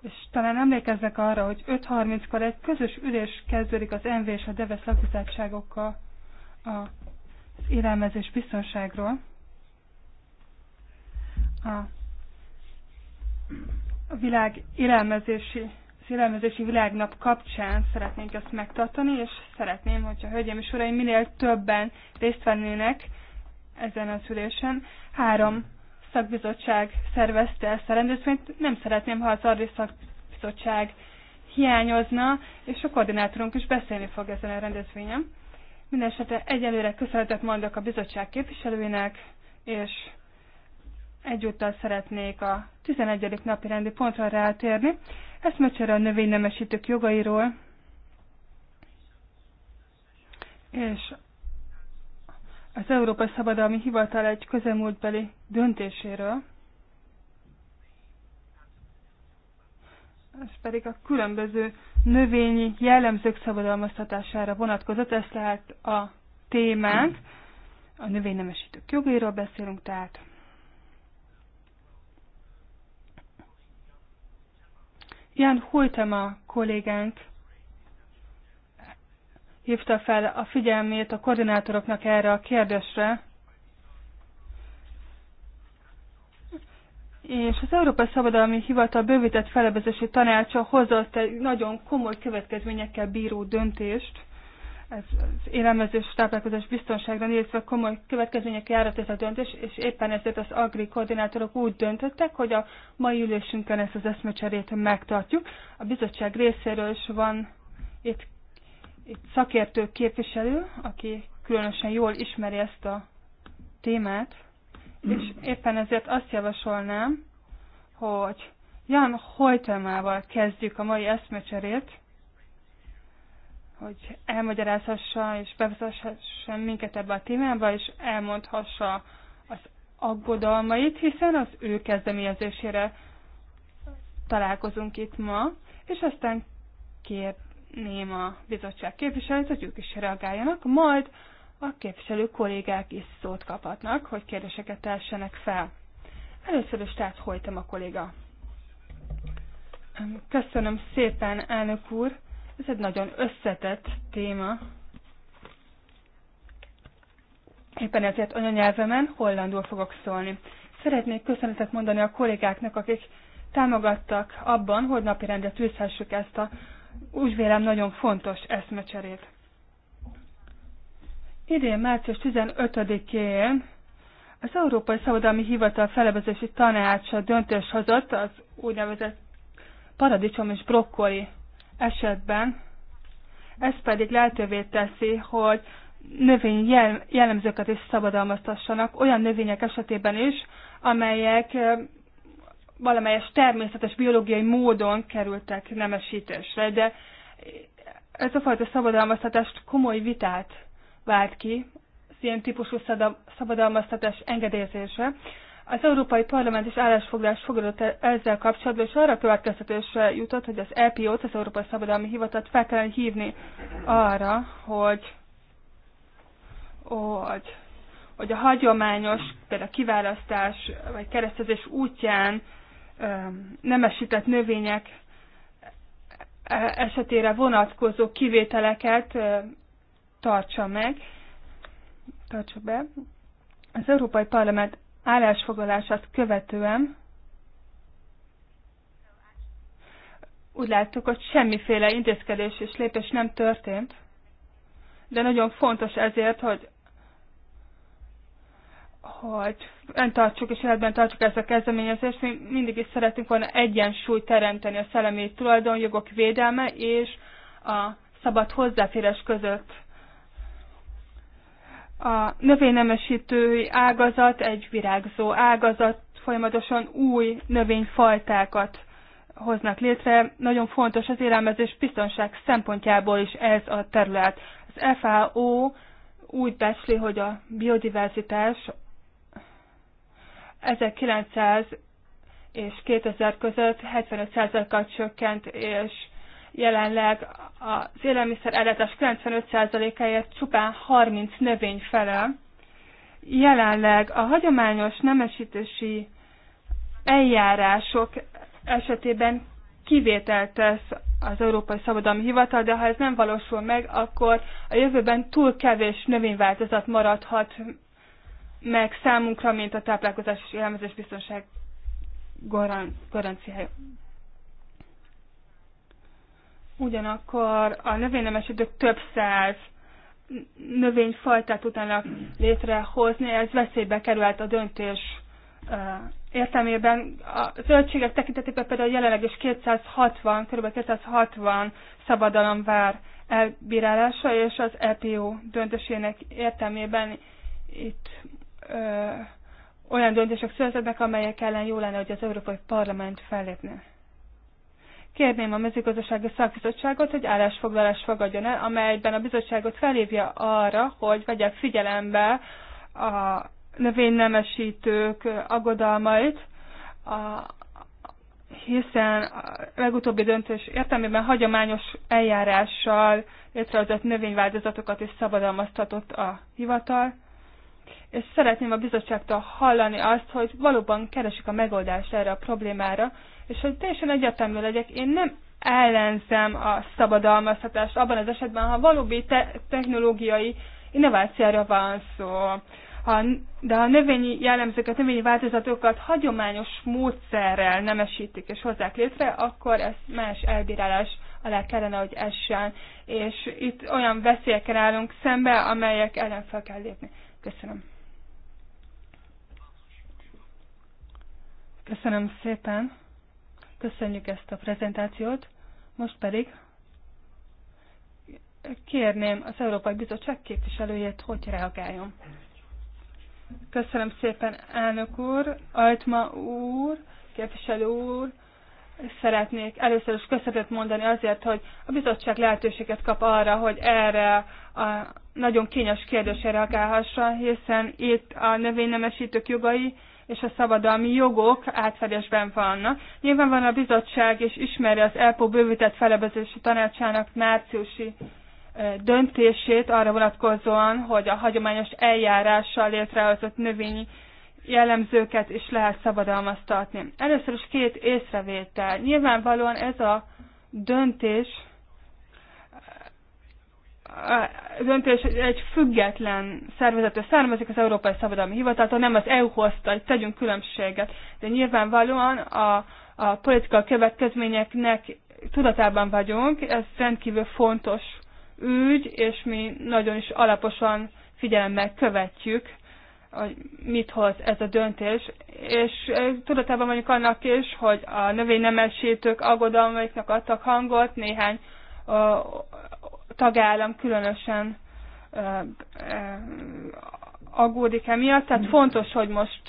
Speaker 4: És talán emlékeznek arra, hogy 5.30-kor egy közös ülés kezdődik az NV és a DEVE szakbizottságokkal az élelmezés biztonságról a világ élelmezési, az élelmezési világnap kapcsán szeretnénk ezt megtartani, és szeretném, hogyha hölgyeim és uraim minél többen részt vennének ezen az szülésen. Három szakbizottság szervezte ezt a rendezvényt, nem szeretném, ha az Arvi szakbizottság hiányozna, és a koordinátorunk is beszélni fog ezen a rendezvényen. Mindenesetre egyelőre köszönetet mondok a bizottság képviselőinek, és egyúttal szeretnék a 11. napi rendi pontra rátérni. Ezt mecsere a növénynemesítők jogairól, és az Európai Szabadalmi Hivatal egy közelmúltbeli döntéséről, ez pedig a különböző növényi jellemzők szabadalmaztatására vonatkozott, ez lehet a témánk. A növénynemesítők jogairól beszélünk, tehát Jan Hultema kollégánk hívta fel a figyelmét a koordinátoroknak erre a kérdésre, És az Európai Szabadalmi Hivatal bővített felebezési tanácsa hozott egy nagyon komoly következményekkel bíró döntést, az élelmezés, táplálkozás biztonságra nézve komoly következmények járat ez a döntés, és éppen ezért az agri koordinátorok úgy döntöttek, hogy a mai ülésünkön ezt az eszmecserét megtartjuk. A bizottság részéről is van itt, itt szakértő képviselő, aki különösen jól ismeri ezt a témát, és éppen ezért azt javasolnám, hogy Jan Hojtemával kezdjük a mai eszmecserét, hogy elmagyarázhassa és bevezethesse minket ebbe a témába, és elmondhassa az aggodalmait, hiszen az ő kezdeményezésére találkozunk itt ma, és aztán kérném a bizottság képviselőt, hogy ők is reagáljanak, majd a képviselő kollégák is szót kaphatnak, hogy kérdéseket tessenek fel. Először is tehát hojtam a kolléga. Köszönöm szépen, elnök úr! Ez egy nagyon összetett téma. Éppen ezért anyanyelvemen hollandul fogok szólni. Szeretnék köszönetet mondani a kollégáknak, akik támogattak abban, hogy napirendre tűzhessük ezt a úgy vélem nagyon fontos eszmecserét. Idén március 15-én az Európai Szabadalmi Hivatal Felevezési tanácsa döntés hozott az úgynevezett paradicsom és brokkoli esetben. Ez pedig lehetővé teszi, hogy növény jellemzőket is szabadalmaztassanak, olyan növények esetében is, amelyek valamelyes természetes biológiai módon kerültek nemesítésre, de ez a fajta szabadalmaztatást komoly vitát vált ki, az ilyen típusú szabadalmaztatás engedélyezése, az Európai Parlament is állásfoglalást fogadott e- ezzel kapcsolatban, és arra következtetésre jutott, hogy az EPO-t, az Európai Szabadalmi Hivatalt fel kellene hívni arra, hogy, hogy, hogy a hagyományos, például a kiválasztás vagy keresztezés útján nemesített növények e- esetére vonatkozó kivételeket tartsa meg, tartsa be. Az Európai Parlament állásfoglalását követően úgy láttuk, hogy semmiféle intézkedés és lépés nem történt, de nagyon fontos ezért, hogy hogy tartsuk és életben tartsuk ezt a kezdeményezést, mi mindig is szeretünk volna egyensúlyt teremteni a szellemi tulajdonjogok védelme és a szabad hozzáférés között a növénynemesítői ágazat egy virágzó ágazat, folyamatosan új növényfajtákat hoznak létre. Nagyon fontos az élelmezés biztonság szempontjából is ez a terület. Az FAO úgy becsli, hogy a biodiverzitás 1900 és 2000 között 75%-kal csökkent, és jelenleg az élelmiszer ellátás 95%-áért csupán 30 növény fele. Jelenleg a hagyományos nemesítési eljárások esetében kivételt tesz az Európai Szabadalmi Hivatal, de ha ez nem valósul meg, akkor a jövőben túl kevés növényváltozat maradhat meg számunkra, mint a táplálkozás és élelmezés biztonság garanciája Ugyanakkor a idők több száz növényfajtát tudnának létrehozni, ez veszélybe került a döntés értelmében. A zöldségek tekintetében például jelenleg is 260, kb. 260 szabadalom vár elbírálása, és az EPO döntésének értelmében itt ö, olyan döntések születnek, amelyek ellen jó lenne, hogy az Európai Parlament fellépne. Kérném a mezőgazdasági szakbizottságot, hogy állásfoglalást fogadjon el, amelyben a bizottságot felhívja arra, hogy vegye figyelembe a növénynemesítők aggodalmait, a, hiszen a legutóbbi döntés értelmében hagyományos eljárással létrehozott növényváltozatokat is szabadalmaztatott a hivatal, és szeretném a bizottságtól hallani azt, hogy valóban keresik a megoldást erre a problémára, és hogy teljesen egyetemű legyek, én nem ellenzem a szabadalmaztatást abban az esetben, ha valóbi te- technológiai innovációra van szó. Ha, de a növényi jellemzőket, növényi változatokat hagyományos módszerrel nemesítik és hozzák létre, akkor ez más elbírálás alá kellene, hogy essen. És itt olyan veszélyekkel állunk szembe, amelyek ellen fel kell lépni. Köszönöm. Köszönöm szépen. Köszönjük ezt a prezentációt. Most pedig kérném az Európai Bizottság képviselőjét, hogy reagáljon. Köszönöm szépen, elnök úr, Altma úr, képviselő úr, szeretnék először is köszönetet mondani azért, hogy a bizottság lehetőséget kap arra, hogy erre a nagyon kényes kérdésre reagálhassa, hiszen itt a növénynemesítők jogai és a szabadalmi jogok átfedésben vannak. van a bizottság és ismeri az ELPO bővített felebezési tanácsának márciusi döntését arra vonatkozóan, hogy a hagyományos eljárással létrehozott növényi jellemzőket is lehet szabadalmaztatni. Először is két észrevétel. Nyilvánvalóan ez a döntés döntés egy független szervezetől származik, az Európai Szabadalmi Hivataltól, nem az EU hozta, hogy tegyünk különbséget. De nyilvánvalóan a, a politika következményeknek tudatában vagyunk, ez rendkívül fontos ügy, és mi nagyon is alaposan figyelemmel követjük, hogy mit hoz ez a döntés. És tudatában vagyunk annak is, hogy a növénynemesítők aggodalmaiknak adtak hangot, néhány tagállam különösen aggódik emiatt, tehát mm. fontos, hogy most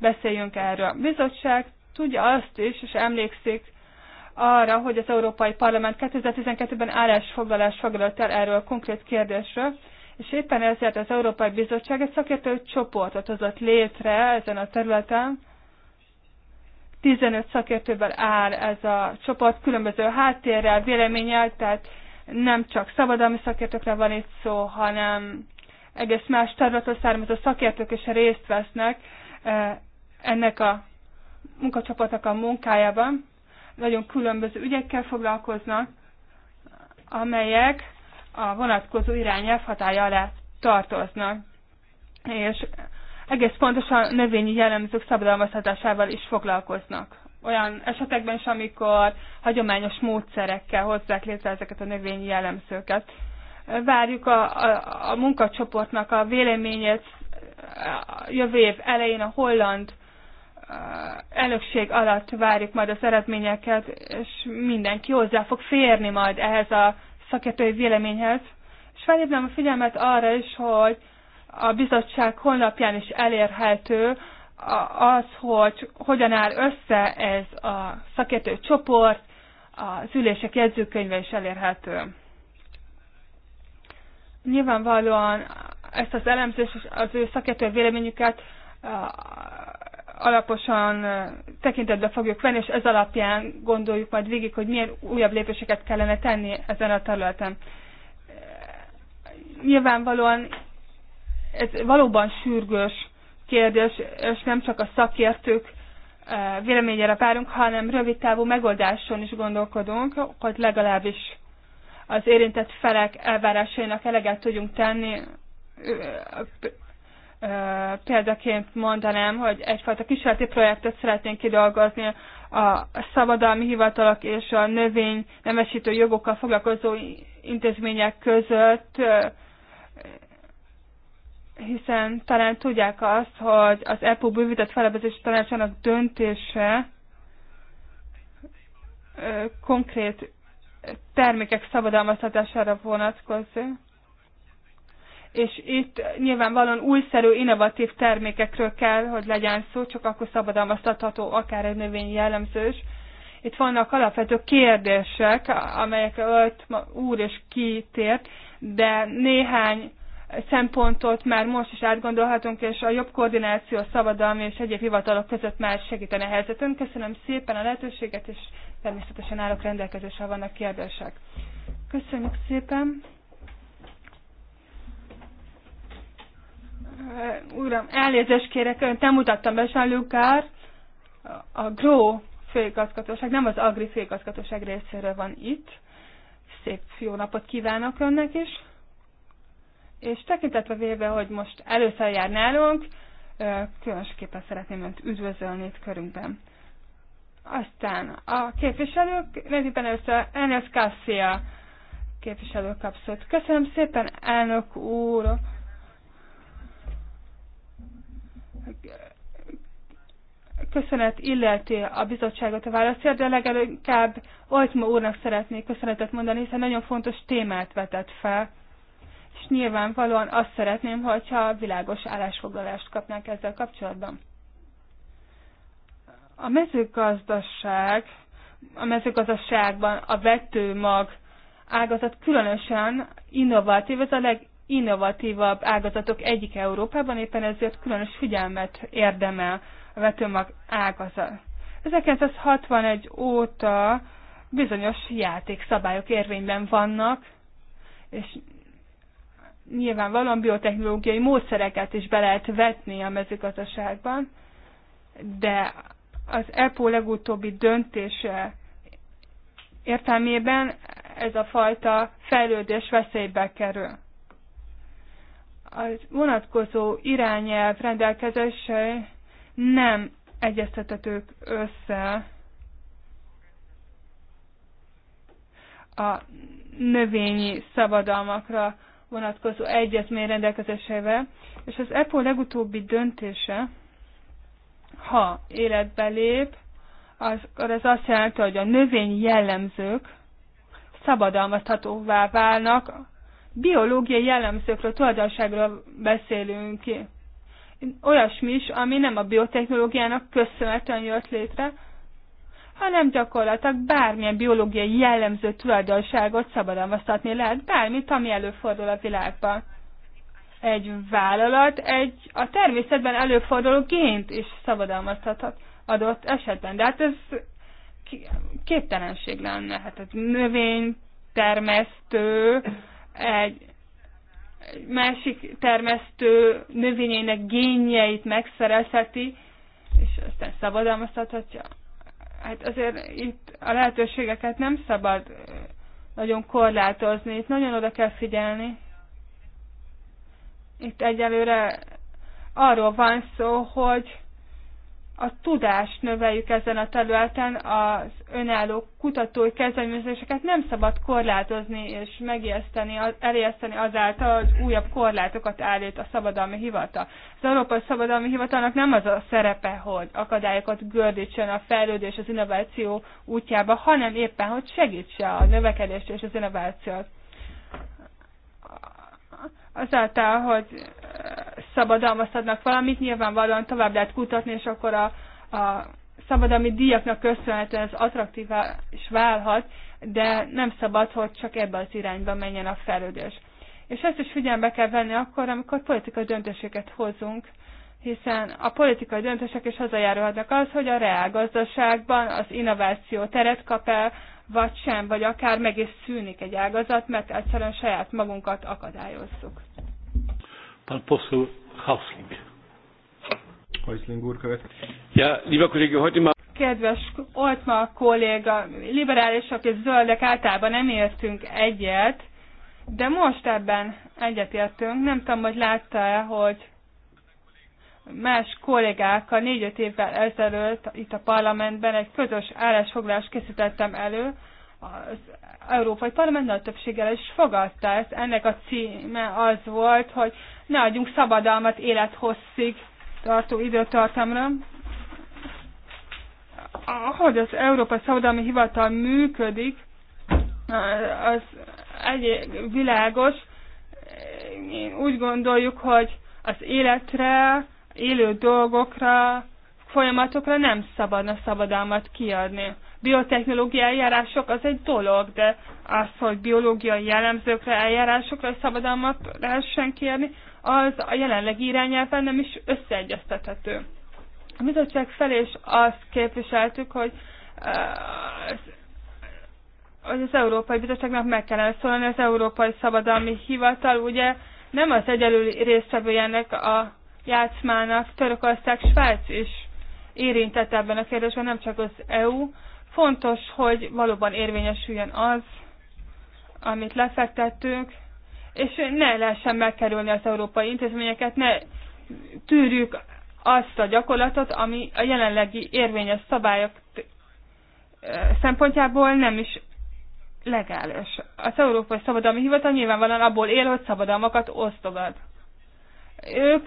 Speaker 4: beszéljünk erről. A bizottság tudja azt is, és emlékszik arra, hogy az Európai Parlament 2012-ben állásfoglalás foglalt el erről a konkrét kérdésről, és éppen ezért az Európai Bizottság egy szakértő csoportot hozott létre ezen a területen. 15 szakértőből áll ez a csoport, különböző háttérrel, véleménnyel, tehát nem csak szabadalmi szakértőkre van itt szó, hanem egész más területről származó szakértők is részt vesznek eh, ennek a munkacsoportnak a munkájában. Nagyon különböző ügyekkel foglalkoznak, amelyek a vonatkozó irányelv hatája alá tartoznak. És egész pontosan növényi jellemzők szabadalmazhatásával is foglalkoznak olyan esetekben is, amikor hagyományos módszerekkel hozzák létre ezeket a növényi jellemzőket. Várjuk a, a, a munkacsoportnak a véleményét jövő év elején a holland elnökség alatt várjuk majd az eredményeket, és mindenki hozzá fog férni majd ehhez a szakértői véleményhez. És felhívnám a figyelmet arra is, hogy a bizottság holnapján is elérhető az, hogy hogyan áll össze ez a szakértő csoport, az ülések jegyzőkönyve is elérhető. Nyilvánvalóan ezt az elemzést, az ő szakértő véleményüket alaposan tekintetbe fogjuk venni, és ez alapján gondoljuk majd végig, hogy milyen újabb lépéseket kellene tenni ezen a területen. Nyilvánvalóan ez valóban sürgős kérdés, és nem csak a szakértők eh, véleményére várunk, hanem rövid távú megoldáson is gondolkodunk, hogy legalábbis az érintett felek elvárásainak eleget tudjunk tenni. Példaként mondanám, hogy egyfajta kísérleti projektet szeretnénk kidolgozni a szabadalmi hivatalok és a növény nemesítő jogokkal foglalkozó intézmények között hiszen talán tudják azt, hogy az EPO bővített felebezési tanácsának döntése konkrét termékek szabadalmaztatására vonatkozik. És itt nyilvánvalóan újszerű, innovatív termékekről kell, hogy legyen szó, csak akkor szabadalmaztatható akár egy növény jellemzős. Itt vannak alapvető kérdések, amelyek ölt úr és kitért, de néhány szempontot már most is átgondolhatunk, és a jobb koordináció a szabadalmi és egyéb hivatalok között már segítene a helyzetünk. Köszönöm szépen a lehetőséget, és természetesen állok rendelkezésre, vannak kérdések. Köszönjük szépen! Uh, uram, elnézést kérek, önt nem mutattam be jean a GRO főigazgatóság, nem az Agri főigazgatóság részéről van itt. Szép jó napot kívánok önnek is! és tekintetve véve, hogy most először jár nálunk, különösképpen szeretném Önt üdvözölni itt körünkben. Aztán a képviselők, nevében először Enes Cassia képviselő kapszott. Köszönöm szépen, elnök úr! Köszönet illeti a bizottságot a válaszért, de legalább Oltma úrnak szeretnék köszönetet mondani, hiszen nagyon fontos témát vetett fel és nyilvánvalóan azt szeretném, hogyha világos állásfoglalást kapnánk ezzel kapcsolatban. A mezőgazdaság, a mezőgazdaságban a vetőmag ágazat különösen innovatív, ez a leginnovatívabb ágazatok egyik Európában, éppen ezért különös figyelmet érdemel a vetőmag ágazat. 1961 óta bizonyos játékszabályok érvényben vannak, és nyilvánvalóan biotechnológiai módszereket is be lehet vetni a mezőgazdaságban, de az EPO legutóbbi döntése értelmében ez a fajta fejlődés veszélybe kerül. A vonatkozó irányelv rendelkezései nem egyeztetetők össze a növényi szabadalmakra vonatkozó egyezmény rendelkezésével, és az EPO legutóbbi döntése, ha életbe lép, az, az azt jelenti, hogy a növény jellemzők szabadalmazhatóvá válnak, biológiai jellemzőkről, tulajdonságról beszélünk ki. Olyasmi is, ami nem a biotechnológiának köszönhetően jött létre, hanem gyakorlatilag bármilyen biológiai jellemző tulajdonságot szabadalmaztatni lehet, bármit, ami előfordul a világban. Egy vállalat egy a természetben előforduló gént is szabadalmaztathat adott esetben. De hát ez képtelenség lenne. Hát egy termesztő, egy másik termesztő növényének génjeit megszerezheti, és aztán szabadalmaztathatja hát azért itt a lehetőségeket nem szabad nagyon korlátozni, itt nagyon oda kell figyelni. Itt egyelőre arról van szó, hogy a tudást növeljük ezen a területen, az önálló kutatói kezdeményezéseket nem szabad korlátozni és megijeszteni, eljeszteni azáltal, hogy újabb korlátokat állít a szabadalmi hivatal. Az Európai Szabadalmi Hivatalnak nem az a szerepe, hogy akadályokat gördítsen a fejlődés az innováció útjába, hanem éppen, hogy segítse a növekedést és az innovációt azáltal, hogy szabadalmat adnak valamit, nyilvánvalóan tovább lehet kutatni, és akkor a, a szabadalmi díjaknak köszönhetően ez attraktívá is válhat, de nem szabad, hogy csak ebbe az irányba menjen a fejlődés. És ezt is figyelme kell venni akkor, amikor politikai döntéseket hozunk, hiszen a politikai döntések is hozzájárulhatnak az, hogy a reálgazdaságban az innováció teret kap el, vagy sem, vagy akár meg is szűnik egy ágazat, mert egyszerűen saját magunkat akadályozzuk.
Speaker 2: Pán Poszul Hausling. Hausling úr követ. Ja, liba kollégia, hogy ma...
Speaker 4: kedves Oltma kolléga, liberálisok és zöldek általában nem értünk egyet, de most ebben egyetértünk. Nem tudom, hogy látta-e, hogy más kollégákkal négy-öt évvel ezelőtt itt a parlamentben egy közös állásfoglalást készítettem elő, az Európai Parlament nagy többséggel is fogadta ezt. Ennek a címe az volt, hogy ne adjunk szabadalmat élethosszig tartó időtartamra. Ahogy az Európai Szabadalmi Hivatal működik, az egy világos. Úgy gondoljuk, hogy az életre élő dolgokra, folyamatokra nem szabadna szabadalmat kiadni. Biotechnológiai eljárások az egy dolog, de az, hogy biológiai jellemzőkre, eljárásokra szabadalmat lehessen kérni, az a jelenlegi irányelven nem is összeegyeztethető. A bizottság felé is azt képviseltük, hogy eh, hogy az Európai Bizottságnak meg kellene szólni, az Európai Szabadalmi Hivatal ugye nem az egyelő résztvevője ennek a játszmának Törökország, Svájc is érintett ebben a kérdésben, nem csak az EU. Fontos, hogy valóban érvényesüljön az, amit lefektettünk, és ne lehessen megkerülni az európai intézményeket, ne tűrjük azt a gyakorlatot, ami a jelenlegi érvényes szabályok szempontjából nem is legális. Az Európai Szabadalmi Hivatal nyilvánvalóan abból él, hogy szabadalmakat osztogat ők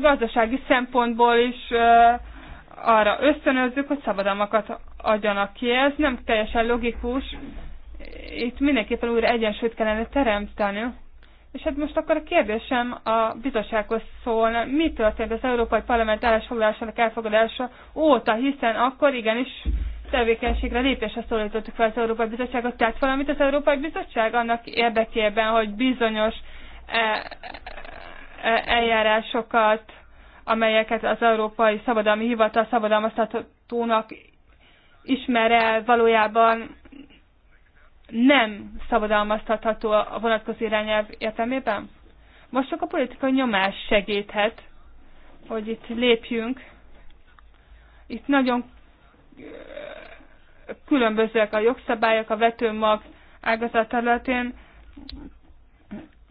Speaker 4: gazdasági szempontból is arra ösztönözzük, hogy szabadalmakat adjanak ki. Ez nem teljesen logikus. Itt mindenképpen újra egyensúlyt kellene teremteni. És hát most akkor a kérdésem a bizottsághoz szólna, mi történt az Európai Parlament állásfoglalásának elfogadása óta, hiszen akkor igenis tevékenységre lépésre szólítottuk fel az Európai Bizottságot, tehát valamit az Európai Bizottság annak érdekében, hogy bizonyos e, eljárásokat, amelyeket az Európai Szabadalmi Hivatal szabadalmaztatónak ismer el, valójában nem szabadalmaztatható a vonatkozó irányelv értelmében? Most csak a politikai nyomás segíthet, hogy itt lépjünk. Itt nagyon különbözőek a jogszabályok a vetőmag ágazat területén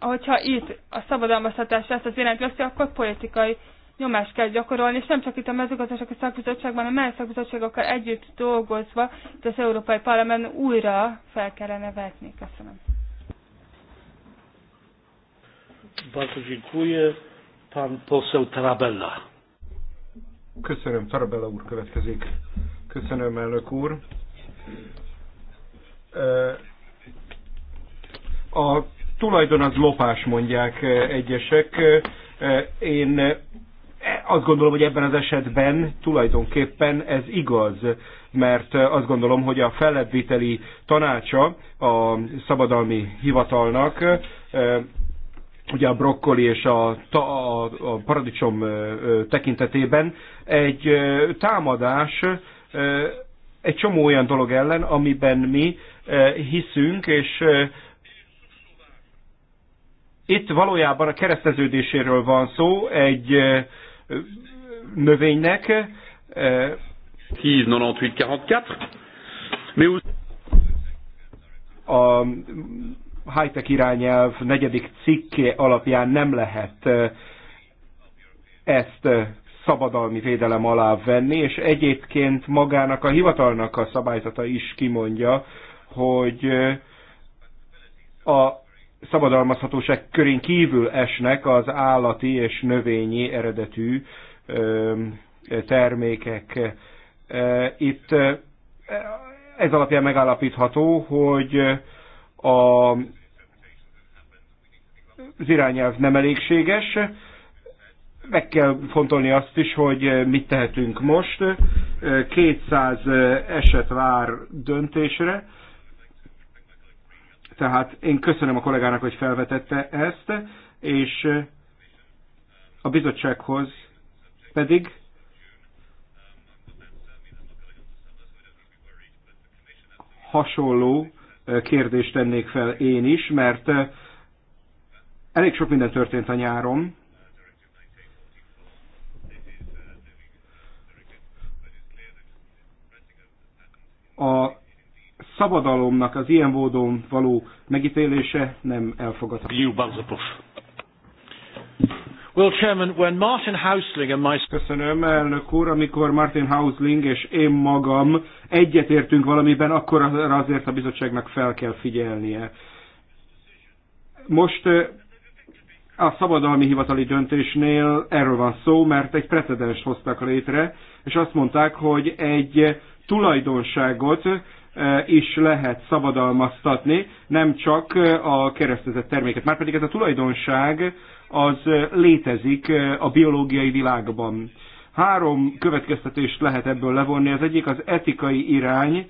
Speaker 4: hogyha itt a szabadalmaztatás lesz az irányvesztő, akkor politikai nyomást kell gyakorolni, és nem csak itt a mezőgazdasági szakbizottságban, hanem más szakbizottságokkal együtt dolgozva, itt az Európai Parlament újra fel kellene vetni. Köszönöm.
Speaker 2: Bardzo dziękuję.
Speaker 1: Pan poseł Tarabella.
Speaker 2: Köszönöm, Tarabella úr következik. Köszönöm, elnök úr. A tulajdon az lopás, mondják e, egyesek. E, e, én azt gondolom, hogy ebben az esetben tulajdonképpen ez igaz, mert azt gondolom, hogy a fellebbviteli tanácsa a szabadalmi hivatalnak ugye a brokkoli és a, a, a paradicsom tekintetében egy támadás egy csomó olyan dolog ellen, amiben mi hiszünk, és itt valójában a kereszteződéséről van szó egy növénynek.
Speaker 1: 10.98.44
Speaker 2: a high-tech irányelv negyedik cikke alapján nem lehet ezt szabadalmi védelem alá venni, és egyébként magának a hivatalnak a szabályzata is kimondja, hogy a szabadalmazhatóság körén kívül esnek az állati és növényi eredetű termékek. Itt ez alapján megállapítható, hogy a, az irányelv nem elégséges, meg kell fontolni azt is, hogy mit tehetünk most. 200 eset vár döntésre, tehát én köszönöm a kollégának, hogy felvetette ezt, és a bizottsághoz pedig hasonló kérdést tennék fel én is, mert elég sok minden történt a nyáron. A szabadalomnak az ilyen módon való megítélése nem elfogadható. Well, Chairman, when Martin Hausling and my... Köszönöm, elnök úr, amikor Martin Hausling és én magam egyetértünk valamiben, akkor azért a bizottságnak fel kell figyelnie. Most a szabadalmi hivatali döntésnél erről van szó, mert egy precedens hoztak létre, és azt mondták, hogy egy tulajdonságot is lehet szabadalmaztatni, nem csak a keresztezett terméket. Márpedig ez a tulajdonság az létezik a biológiai világban. Három következtetést lehet ebből levonni. Az egyik az etikai irány,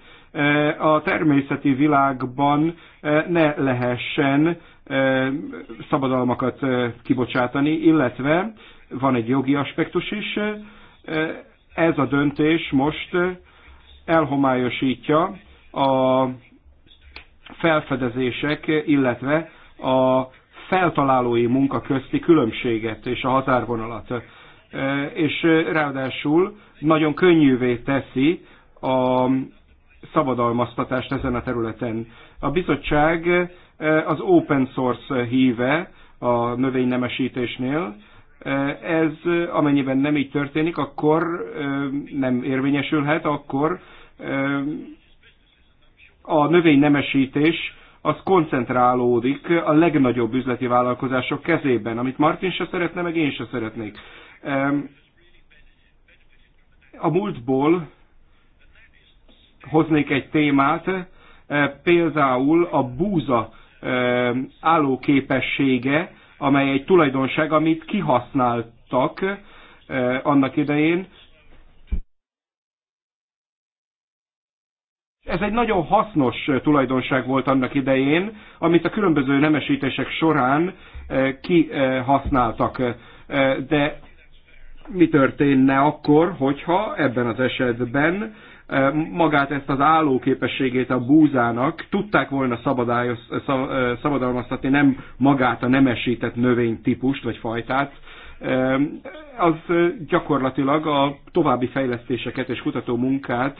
Speaker 2: a természeti világban ne lehessen szabadalmakat kibocsátani, illetve van egy jogi aspektus is, ez a döntés most elhomályosítja a felfedezések, illetve a feltalálói munka közti különbséget és a határvonalat. E, és ráadásul nagyon könnyűvé teszi a szabadalmaztatást ezen a területen. A bizottság e, az open source híve a növénynemesítésnél, e, ez amennyiben nem így történik, akkor nem érvényesülhet, akkor a növénynemesítés az koncentrálódik a legnagyobb üzleti vállalkozások kezében, amit Martin se szeretne, meg én se szeretnék. A múltból hoznék egy témát, e, például a búza e, állóképessége, amely egy tulajdonság, amit kihasználtak e, annak idején, Ez egy nagyon hasznos tulajdonság volt annak idején, amit a különböző nemesítések során kihasználtak. De mi történne akkor, hogyha ebben az esetben magát ezt az állóképességét a búzának tudták volna szabadalmaztatni, nem magát a nemesített növénytípust vagy fajtát, az gyakorlatilag a további fejlesztéseket és kutató munkát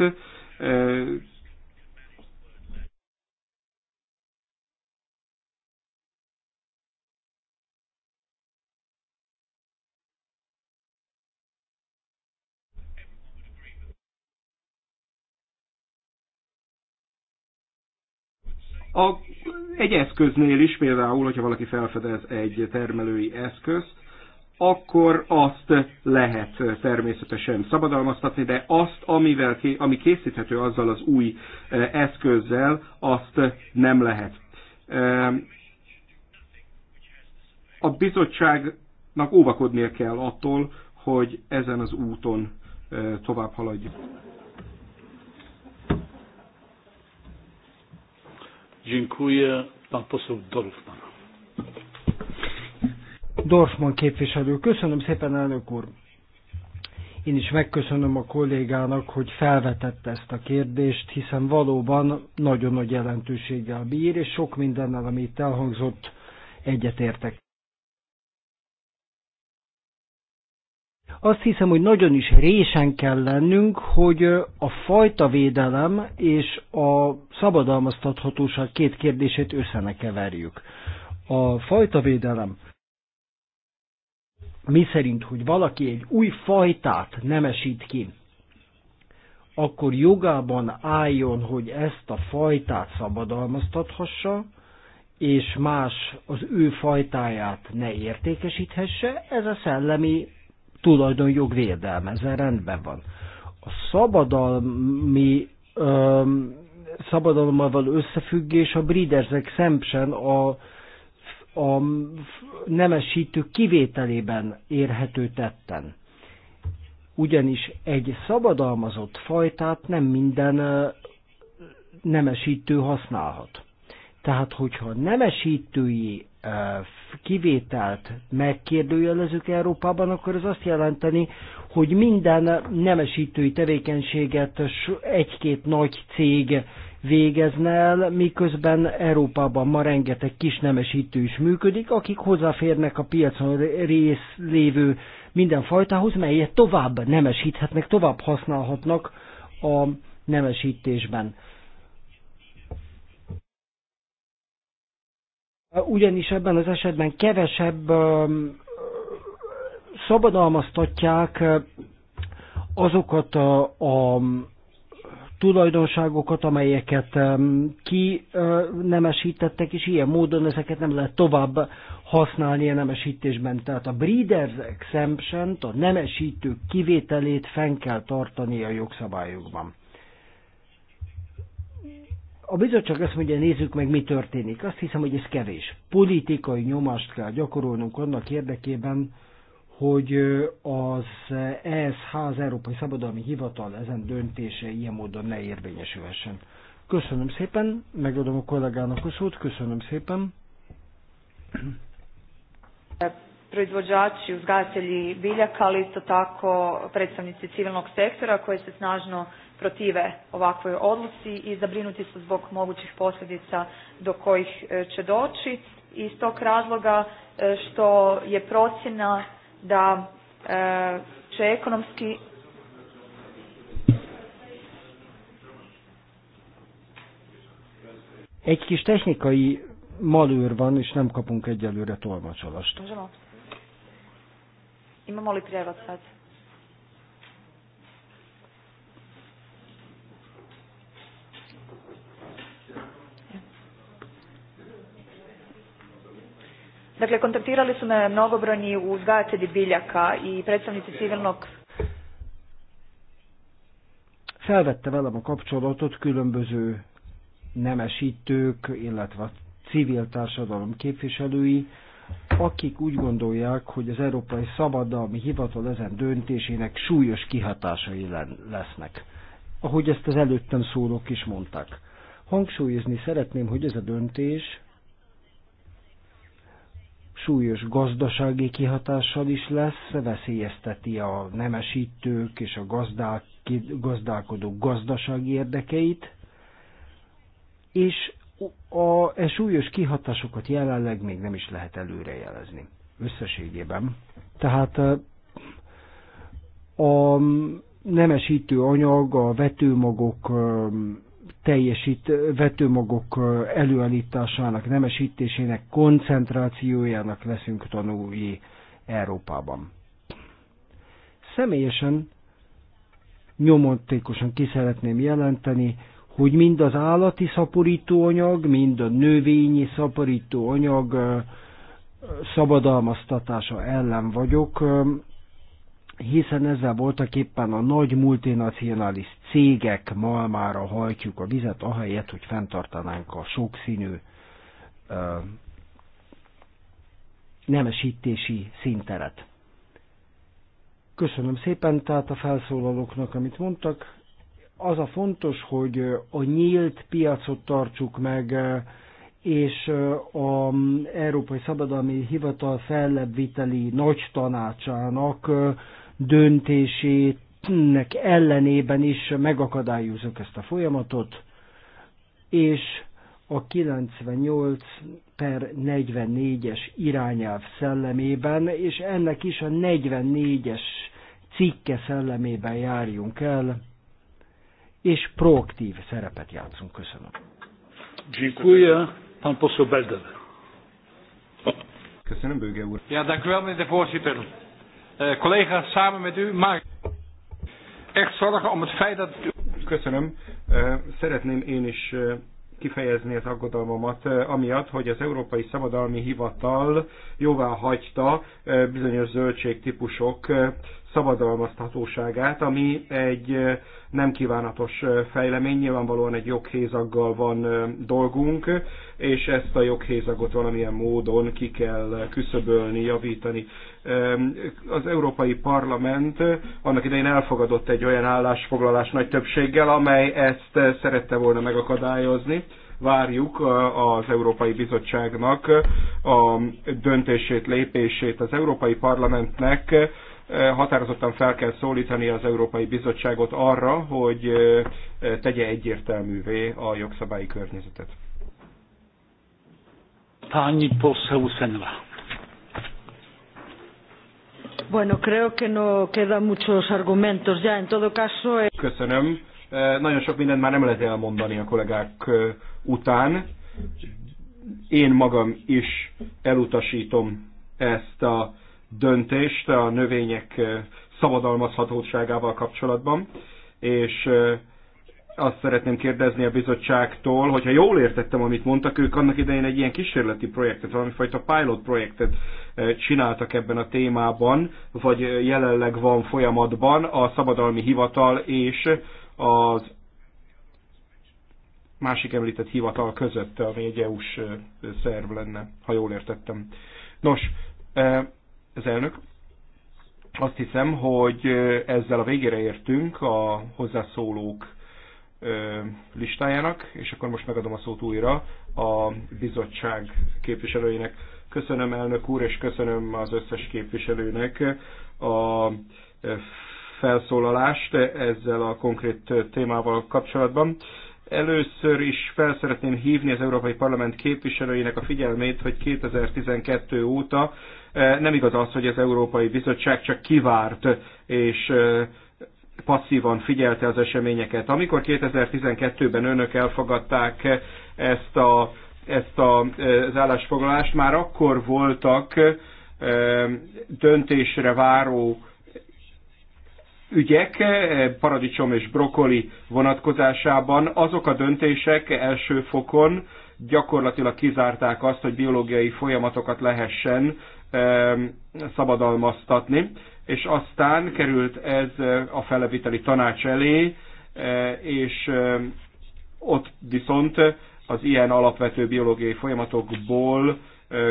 Speaker 2: A, egy eszköznél is például, hogyha valaki felfedez egy termelői eszközt, akkor azt lehet természetesen szabadalmaztatni, de azt, amivel, ami készíthető azzal az új e, eszközzel, azt nem lehet. E, a bizottságnak óvakodnia kell attól, hogy ezen az úton e, tovább haladjuk.
Speaker 1: Dziękuję. Pan poseł Dorfman.
Speaker 3: Dorfman képviselő. Köszönöm szépen, elnök úr. Én is megköszönöm a kollégának, hogy felvetette ezt a kérdést, hiszen valóban nagyon nagy jelentőséggel bír, és sok mindennel, amit elhangzott, egyetértek. Azt hiszem, hogy nagyon is résen kell lennünk, hogy a fajta védelem és a szabadalmaztathatóság két kérdését keverjük. A fajta védelem mi szerint, hogy valaki egy új fajtát nemesít ki, akkor jogában álljon, hogy ezt a fajtát szabadalmaztathassa, és más az ő fajtáját ne értékesíthesse, ez a szellemi tulajdonjog védelme, ezen rendben van. A szabadalmi öm, szabadalommal való összefüggés a bríderzek szemsen a, a nemesítő kivételében érhető tetten. Ugyanis egy szabadalmazott fajtát nem minden nemesítő használhat. Tehát, hogyha nemesítői kivételt megkérdőjelezünk Európában, akkor ez azt jelenteni, hogy minden nemesítői tevékenységet egy-két nagy cég végezne el, miközben Európában ma rengeteg kis nemesítő is működik, akik hozzáférnek a piacon rész lévő mindenfajtához, melyet tovább nemesíthetnek, tovább használhatnak a nemesítésben. ugyanis ebben az esetben kevesebb szabadalmaztatják azokat a, a tulajdonságokat, amelyeket ki nemesítettek, és ilyen módon ezeket nem lehet tovább használni a nemesítésben. Tehát a breeders exemption a nemesítők kivételét fenn kell tartani a jogszabályokban. A bizottság azt mondja, nézzük meg, mi történik. Azt hiszem, hogy ez kevés. Politikai nyomást kell gyakorolnunk annak érdekében, hogy az ESH, az Európai Szabadalmi Hivatal ezen döntése ilyen módon ne érvényesülhessen. Köszönöm szépen, megadom a kollégának a szót, köszönöm szépen
Speaker 4: proizvođači, uzgajatelji biljaka, ali isto tako predstavnici civilnog sektora koji se snažno protive ovakvoj odluci i zabrinuti su zbog mogućih posljedica do kojih e, će doći iz tog razloga e, što je procjena da e, će ekonomski
Speaker 3: Egy kis technikai malőr van, és nem kapunk egyelőre tolmacsolást. Zsolok.
Speaker 1: Imamo li prijevod sad?
Speaker 4: Dakle, kontaktirali su me mnogobrojni uzgajatelji biljaka i predstavnici civilnog
Speaker 3: Felvette velem a kapcsolatot különböző nemesítők, illetve a civil társadalom képviselői, akik úgy gondolják, hogy az Európai Szabadalmi Hivatal ezen döntésének súlyos kihatásai lesznek. Ahogy ezt az előttem szólók is mondták. Hangsúlyozni szeretném, hogy ez a döntés súlyos gazdasági kihatással is lesz, veszélyezteti a nemesítők és a gazdák, gazdálkodók gazdasági érdekeit, és a e súlyos kihatásokat jelenleg még nem is lehet előrejelezni összességében. Tehát e, a nemesítő anyag, a vetőmagok e, teljesít, vetőmagok e, előállításának, nemesítésének, koncentrációjának leszünk tanulói Európában. Személyesen nyomontékosan ki szeretném jelenteni, hogy mind az állati szaporítóanyag, mind a növényi szaporítóanyag szabadalmaztatása ellen vagyok, hiszen ezzel voltak éppen a nagy multinacionális cégek malmára hajtjuk a vizet, ahelyett, hogy fenntartanánk a sokszínű nemesítési szinteret. Köszönöm szépen tehát a felszólalóknak, amit mondtak, az a fontos, hogy a nyílt piacot tartsuk meg, és az Európai Szabadalmi Hivatal fellebbviteli nagy tanácsának döntésének ellenében is megakadályozunk ezt a folyamatot, és a 98 per 44-es irányelv szellemében, és ennek is a 44-es cikke szellemében járjunk el, és proaktív szerepet játszunk. Köszönöm.
Speaker 1: Köszönöm, Bőge úr.
Speaker 2: Ja, dank u wel, meneer de voorzitter. Uh, eh, collega's, samen met u maak echt zorgen om het feit dat... Köszönöm. Eh, szeretném én is eh, kifejezni az aggodalmamat, amiatt, hogy az Európai Szabadalmi Hivatal jóvá hagyta bizonyos zöldségtípusok szabadalmaztatóságát, ami egy nem kívánatos fejlemény, nyilvánvalóan egy joghézaggal van dolgunk, és ezt a joghézagot valamilyen módon ki kell küszöbölni, javítani. Az Európai Parlament annak idején elfogadott egy olyan állásfoglalás nagy többséggel, amely ezt szerette volna megakadályozni várjuk az Európai Bizottságnak a döntését, lépését az Európai Parlamentnek határozottan fel kell szólítani az Európai Bizottságot arra, hogy tegye egyértelművé a jogszabályi környezetet.
Speaker 1: Pani poseł Senra.
Speaker 2: Bueno, creo que no quedan muchos argumentos ya. En todo caso... Eh, Köszönöm. Nagyon sok mindent már nem lehet elmondani a kollégák után. Én magam is elutasítom ezt a döntést a növények szabadalmazhatóságával kapcsolatban, és azt szeretném kérdezni a bizottságtól, hogyha jól értettem, amit mondtak, ők annak idején egy ilyen kísérleti projektet, valamifajta pilot projektet csináltak ebben a témában, vagy jelenleg van folyamatban a szabadalmi hivatal és az másik említett hivatal között, ami egy EU-s szerv lenne, ha jól értettem. Nos, az elnök. Azt hiszem, hogy ezzel a végére értünk a hozzászólók listájának, és akkor most megadom a szót újra a bizottság képviselőinek. Köszönöm elnök úr, és köszönöm az összes képviselőnek a felszólalást ezzel a konkrét témával kapcsolatban. Először is fel szeretném hívni az Európai Parlament képviselőinek a figyelmét, hogy 2012 óta eh, nem igaz az, hogy az Európai Bizottság csak kivárt és eh, passzívan figyelte az eseményeket. Amikor 2012-ben önök elfogadták ezt, a, ezt a, eh, az állásfoglalást, már akkor voltak döntésre váró ügyek, e, paradicsom és brokkoli vonatkozásában azok a döntések első fokon gyakorlatilag kizárták azt, hogy biológiai folyamatokat lehessen e, szabadalmaztatni, és aztán került ez a feleviteli tanács elé, e, és ott viszont az ilyen alapvető biológiai folyamatokból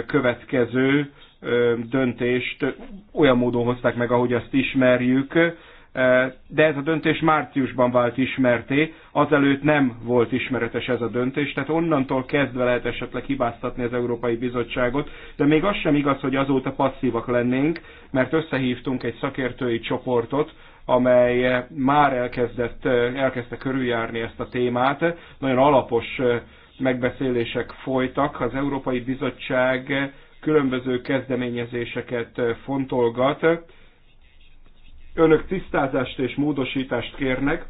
Speaker 2: következő döntést olyan módon hozták meg, ahogy azt ismerjük, de ez a döntés márciusban vált ismerté, azelőtt nem volt ismeretes ez a döntés, tehát onnantól kezdve lehet esetleg hibáztatni az Európai Bizottságot, de még az sem igaz, hogy azóta passzívak lennénk, mert összehívtunk egy szakértői csoportot, amely már elkezdett, elkezdte körüljárni ezt a témát. Nagyon alapos megbeszélések folytak. Az Európai Bizottság különböző kezdeményezéseket fontolgat, önök tisztázást és módosítást kérnek,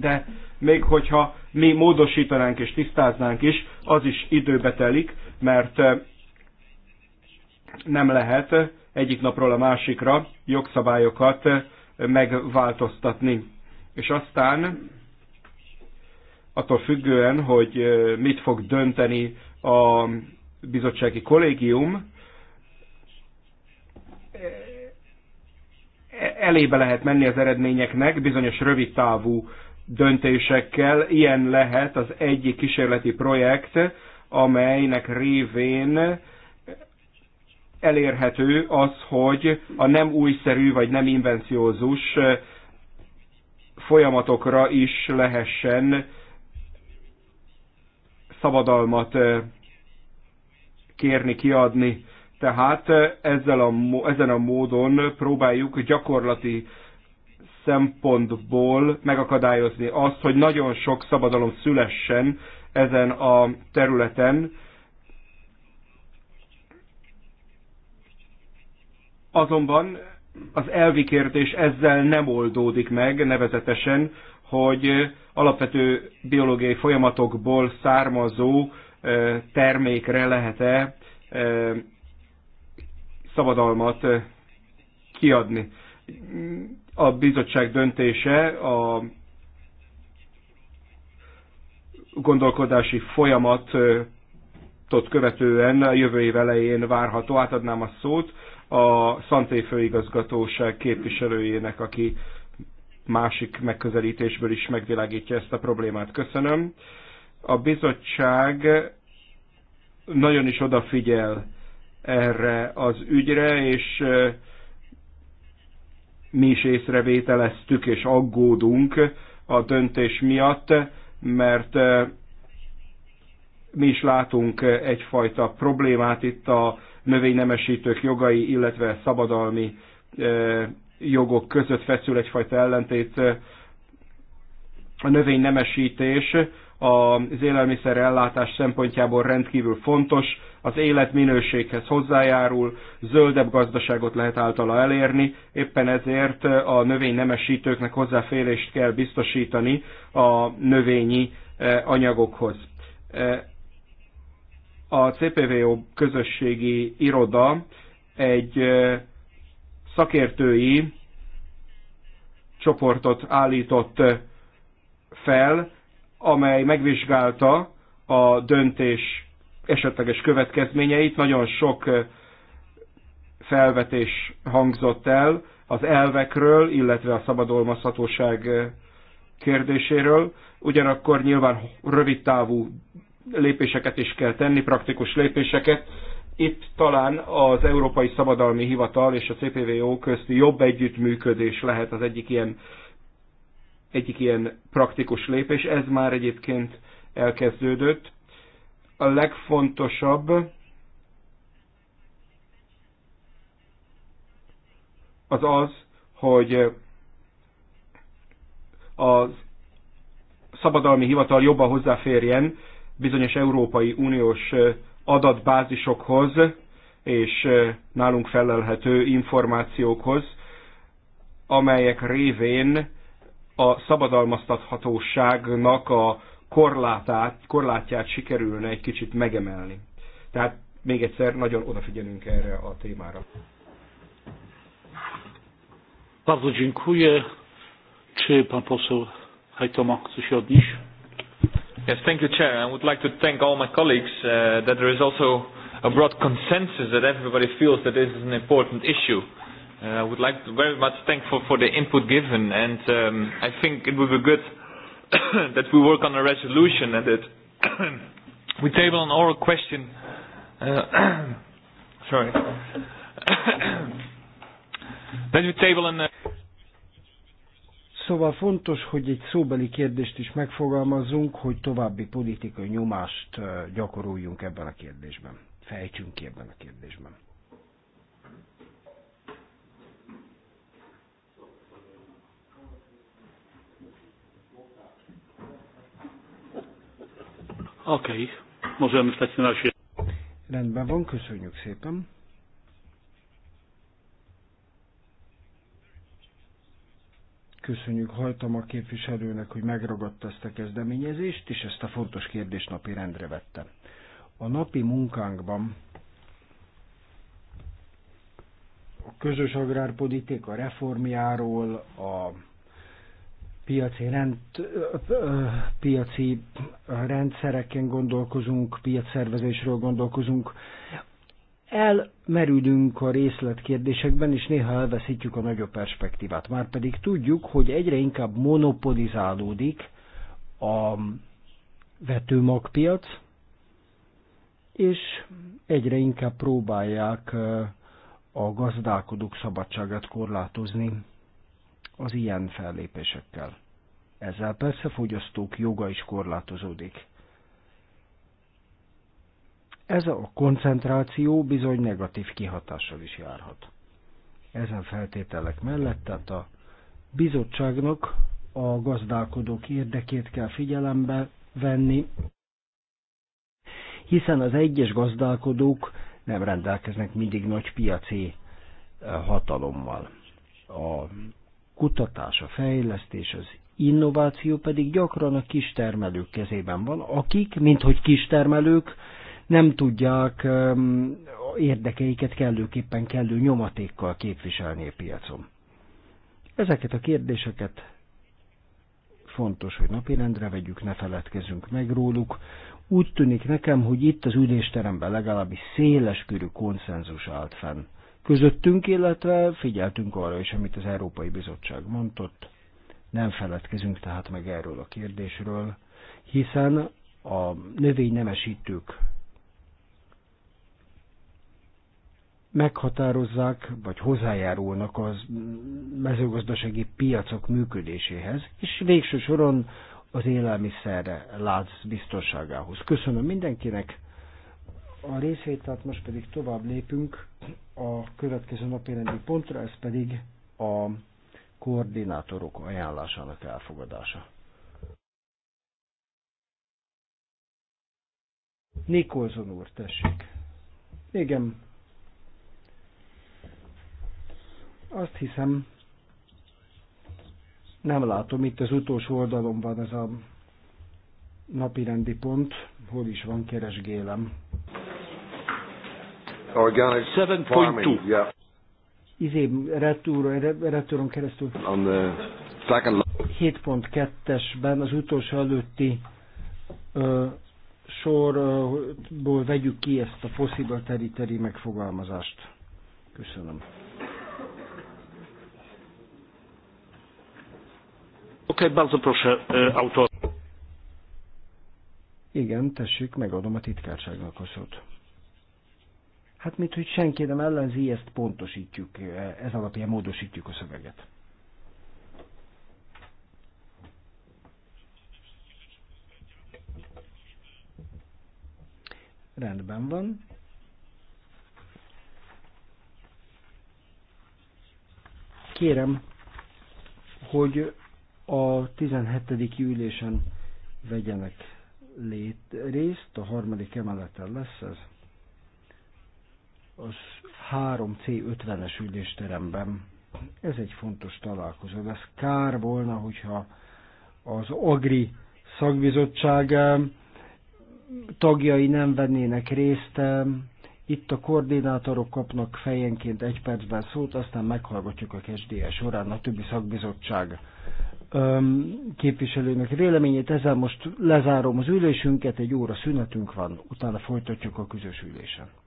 Speaker 2: de még hogyha mi módosítanánk és tisztáznánk is, az is időbe telik, mert eh, nem lehet egyik napról a másikra jogszabályokat eh, megváltoztatni. És aztán attól függően, hogy eh, mit fog dönteni a bizottsági kollégium, elébe lehet menni az eredményeknek bizonyos rövidtávú döntésekkel. Ilyen lehet az egyik kísérleti projekt, amelynek révén elérhető az, hogy a nem újszerű vagy nem invenciózus folyamatokra is lehessen szabadalmat kérni, kiadni. Tehát eh, ezzel a, ezen a módon próbáljuk gyakorlati szempontból megakadályozni azt, hogy nagyon sok szabadalom szülessen ezen a területen. Azonban az elvi kérdés ezzel nem oldódik meg, nevezetesen, hogy alapvető biológiai folyamatokból származó eh, termékre lehet-e eh, szabadalmat eh, kiadni. A bizottság döntése a gondolkodási folyamatot követően a jövő év elején várható. Átadnám a szót a Szanté főigazgatóság képviselőjének, aki másik megközelítésből is megvilágítja ezt a problémát. Köszönöm. A bizottság nagyon is odafigyel erre az ügyre, és mi is észrevételeztük és aggódunk a döntés miatt, mert mi is látunk egyfajta problémát itt a növénynemesítők jogai, illetve szabadalmi jogok között feszül egyfajta ellentét. A növénynemesítés az élelmiszer ellátás szempontjából rendkívül fontos, az életminőséghez hozzájárul, zöldebb gazdaságot lehet általa elérni, éppen ezért a növénynemesítőknek hozzáférést kell biztosítani a növényi e, anyagokhoz. E, a CPVO közösségi iroda egy e, szakértői csoportot állított fel, amely megvizsgálta a döntés esetleges következményeit. Nagyon sok felvetés hangzott el az elvekről, illetve a szabadolmazhatóság kérdéséről. Ugyanakkor nyilván rövidtávú lépéseket is kell tenni, praktikus lépéseket. Itt talán az Európai Szabadalmi Hivatal és a CPVO közti jobb együttműködés lehet az egyik ilyen egyik ilyen praktikus lépés, ez már egyébként elkezdődött. A legfontosabb az az, hogy a szabadalmi hivatal jobban hozzáférjen bizonyos Európai Uniós adatbázisokhoz és nálunk felelhető információkhoz, amelyek révén a szabadalmaztathatóságnak a korlátát, korlátját sikerülne egy kicsit megemelni. Tehát még egyszer nagyon odafigyelünk erre a témára. Bardzo dziękuję.
Speaker 1: Czy pan poseł Hajtoma chce się odnieść?
Speaker 2: Yes, thank you, Chair. I would like to thank all my colleagues uh, that there is also a broad consensus that everybody feels that this is an important issue. Uh, I would like to very much thank for, for the input given, and um, I think it would be good that we work on a resolution and that
Speaker 1: we table an oral question. Uh, sorry.
Speaker 2: that we table an. Uh,
Speaker 1: szóval
Speaker 3: fontos, hogy egy szóbeli kérdést is megfogalmazunk, hogy további politikai nyomást uh, gyakoroljunk ebben a kérdésben. Fejtsünk ki ebben a kérdésben.
Speaker 1: Oké, okay. możemy a takim razie.
Speaker 3: Rendben van, köszönjük szépen. Köszönjük Hajtama képviselőnek, hogy megragadta ezt a kezdeményezést, és ezt a fontos kérdést napi rendre vette. A napi munkánkban a közös agrárpolitika reformjáról, a piaci, rend, piaci rendszereken gondolkozunk, piacszervezésről gondolkozunk, elmerülünk a részletkérdésekben, és néha elveszítjük a nagyobb perspektívát. Márpedig tudjuk, hogy egyre inkább monopolizálódik a vetőmagpiac, és egyre inkább próbálják a gazdálkodók szabadságát korlátozni az ilyen fellépésekkel. Ezzel persze fogyasztók joga is korlátozódik. Ez a koncentráció bizony negatív kihatással is járhat. Ezen feltételek mellett, tehát a bizottságnak a gazdálkodók érdekét kell figyelembe venni, hiszen az egyes gazdálkodók nem rendelkeznek mindig nagy piaci eh, hatalommal. A kutatás, a fejlesztés, az innováció pedig gyakran a kistermelők kezében van, akik, minthogy kistermelők, nem tudják érdekeiket kellőképpen kellő nyomatékkal képviselni a piacon. Ezeket a kérdéseket fontos, hogy napirendre vegyük, ne feledkezünk meg róluk. Úgy tűnik nekem, hogy itt az ülésteremben legalábbis széles körű konszenzus állt fenn. Közöttünk, illetve figyeltünk arra is, amit az Európai Bizottság mondott, nem feledkezünk tehát meg erről a kérdésről, hiszen a növénynemesítők meghatározzák, vagy hozzájárulnak az mezőgazdasági piacok működéséhez, és végső soron az élelmiszerre látsz biztonságához. Köszönöm mindenkinek a részvételt, most pedig tovább lépünk a következő napi pontra, ez pedig a koordinátorok ajánlásának
Speaker 1: elfogadása.
Speaker 3: Nikolson úr, tessék. Igen. Azt hiszem, nem látom, itt az utolsó oldalon van ez a napirendi pont, hol is van, keresgélem.
Speaker 1: Organic 7.2. Yeah
Speaker 3: izé retúron, retúron keresztül. 7.2-esben az utolsó előtti ö, sorból vegyük ki ezt a possible territory megfogalmazást. Köszönöm.
Speaker 1: Oké, okay, bardzo proszę, e, autor.
Speaker 3: Igen, tessék, megadom a titkárságnak a szót. Hát, mint hogy senki nem ellenzi, ezt pontosítjuk, ez alapján módosítjuk a szöveget. Rendben van. Kérem, hogy a 17. ülésen vegyenek lét részt, a harmadik emeleten lesz ez az 3C50-es ülésteremben. Ez egy fontos találkozó Ez Kár volna, hogyha az Agri szakbizottság tagjai nem vennének részt. Itt a koordinátorok kapnak fejenként egy percben szót, aztán meghallgatjuk a kezdélye során a többi szakbizottság képviselőnek véleményét. Ezzel most lezárom az ülésünket, egy óra szünetünk van, utána folytatjuk a közös ülésen.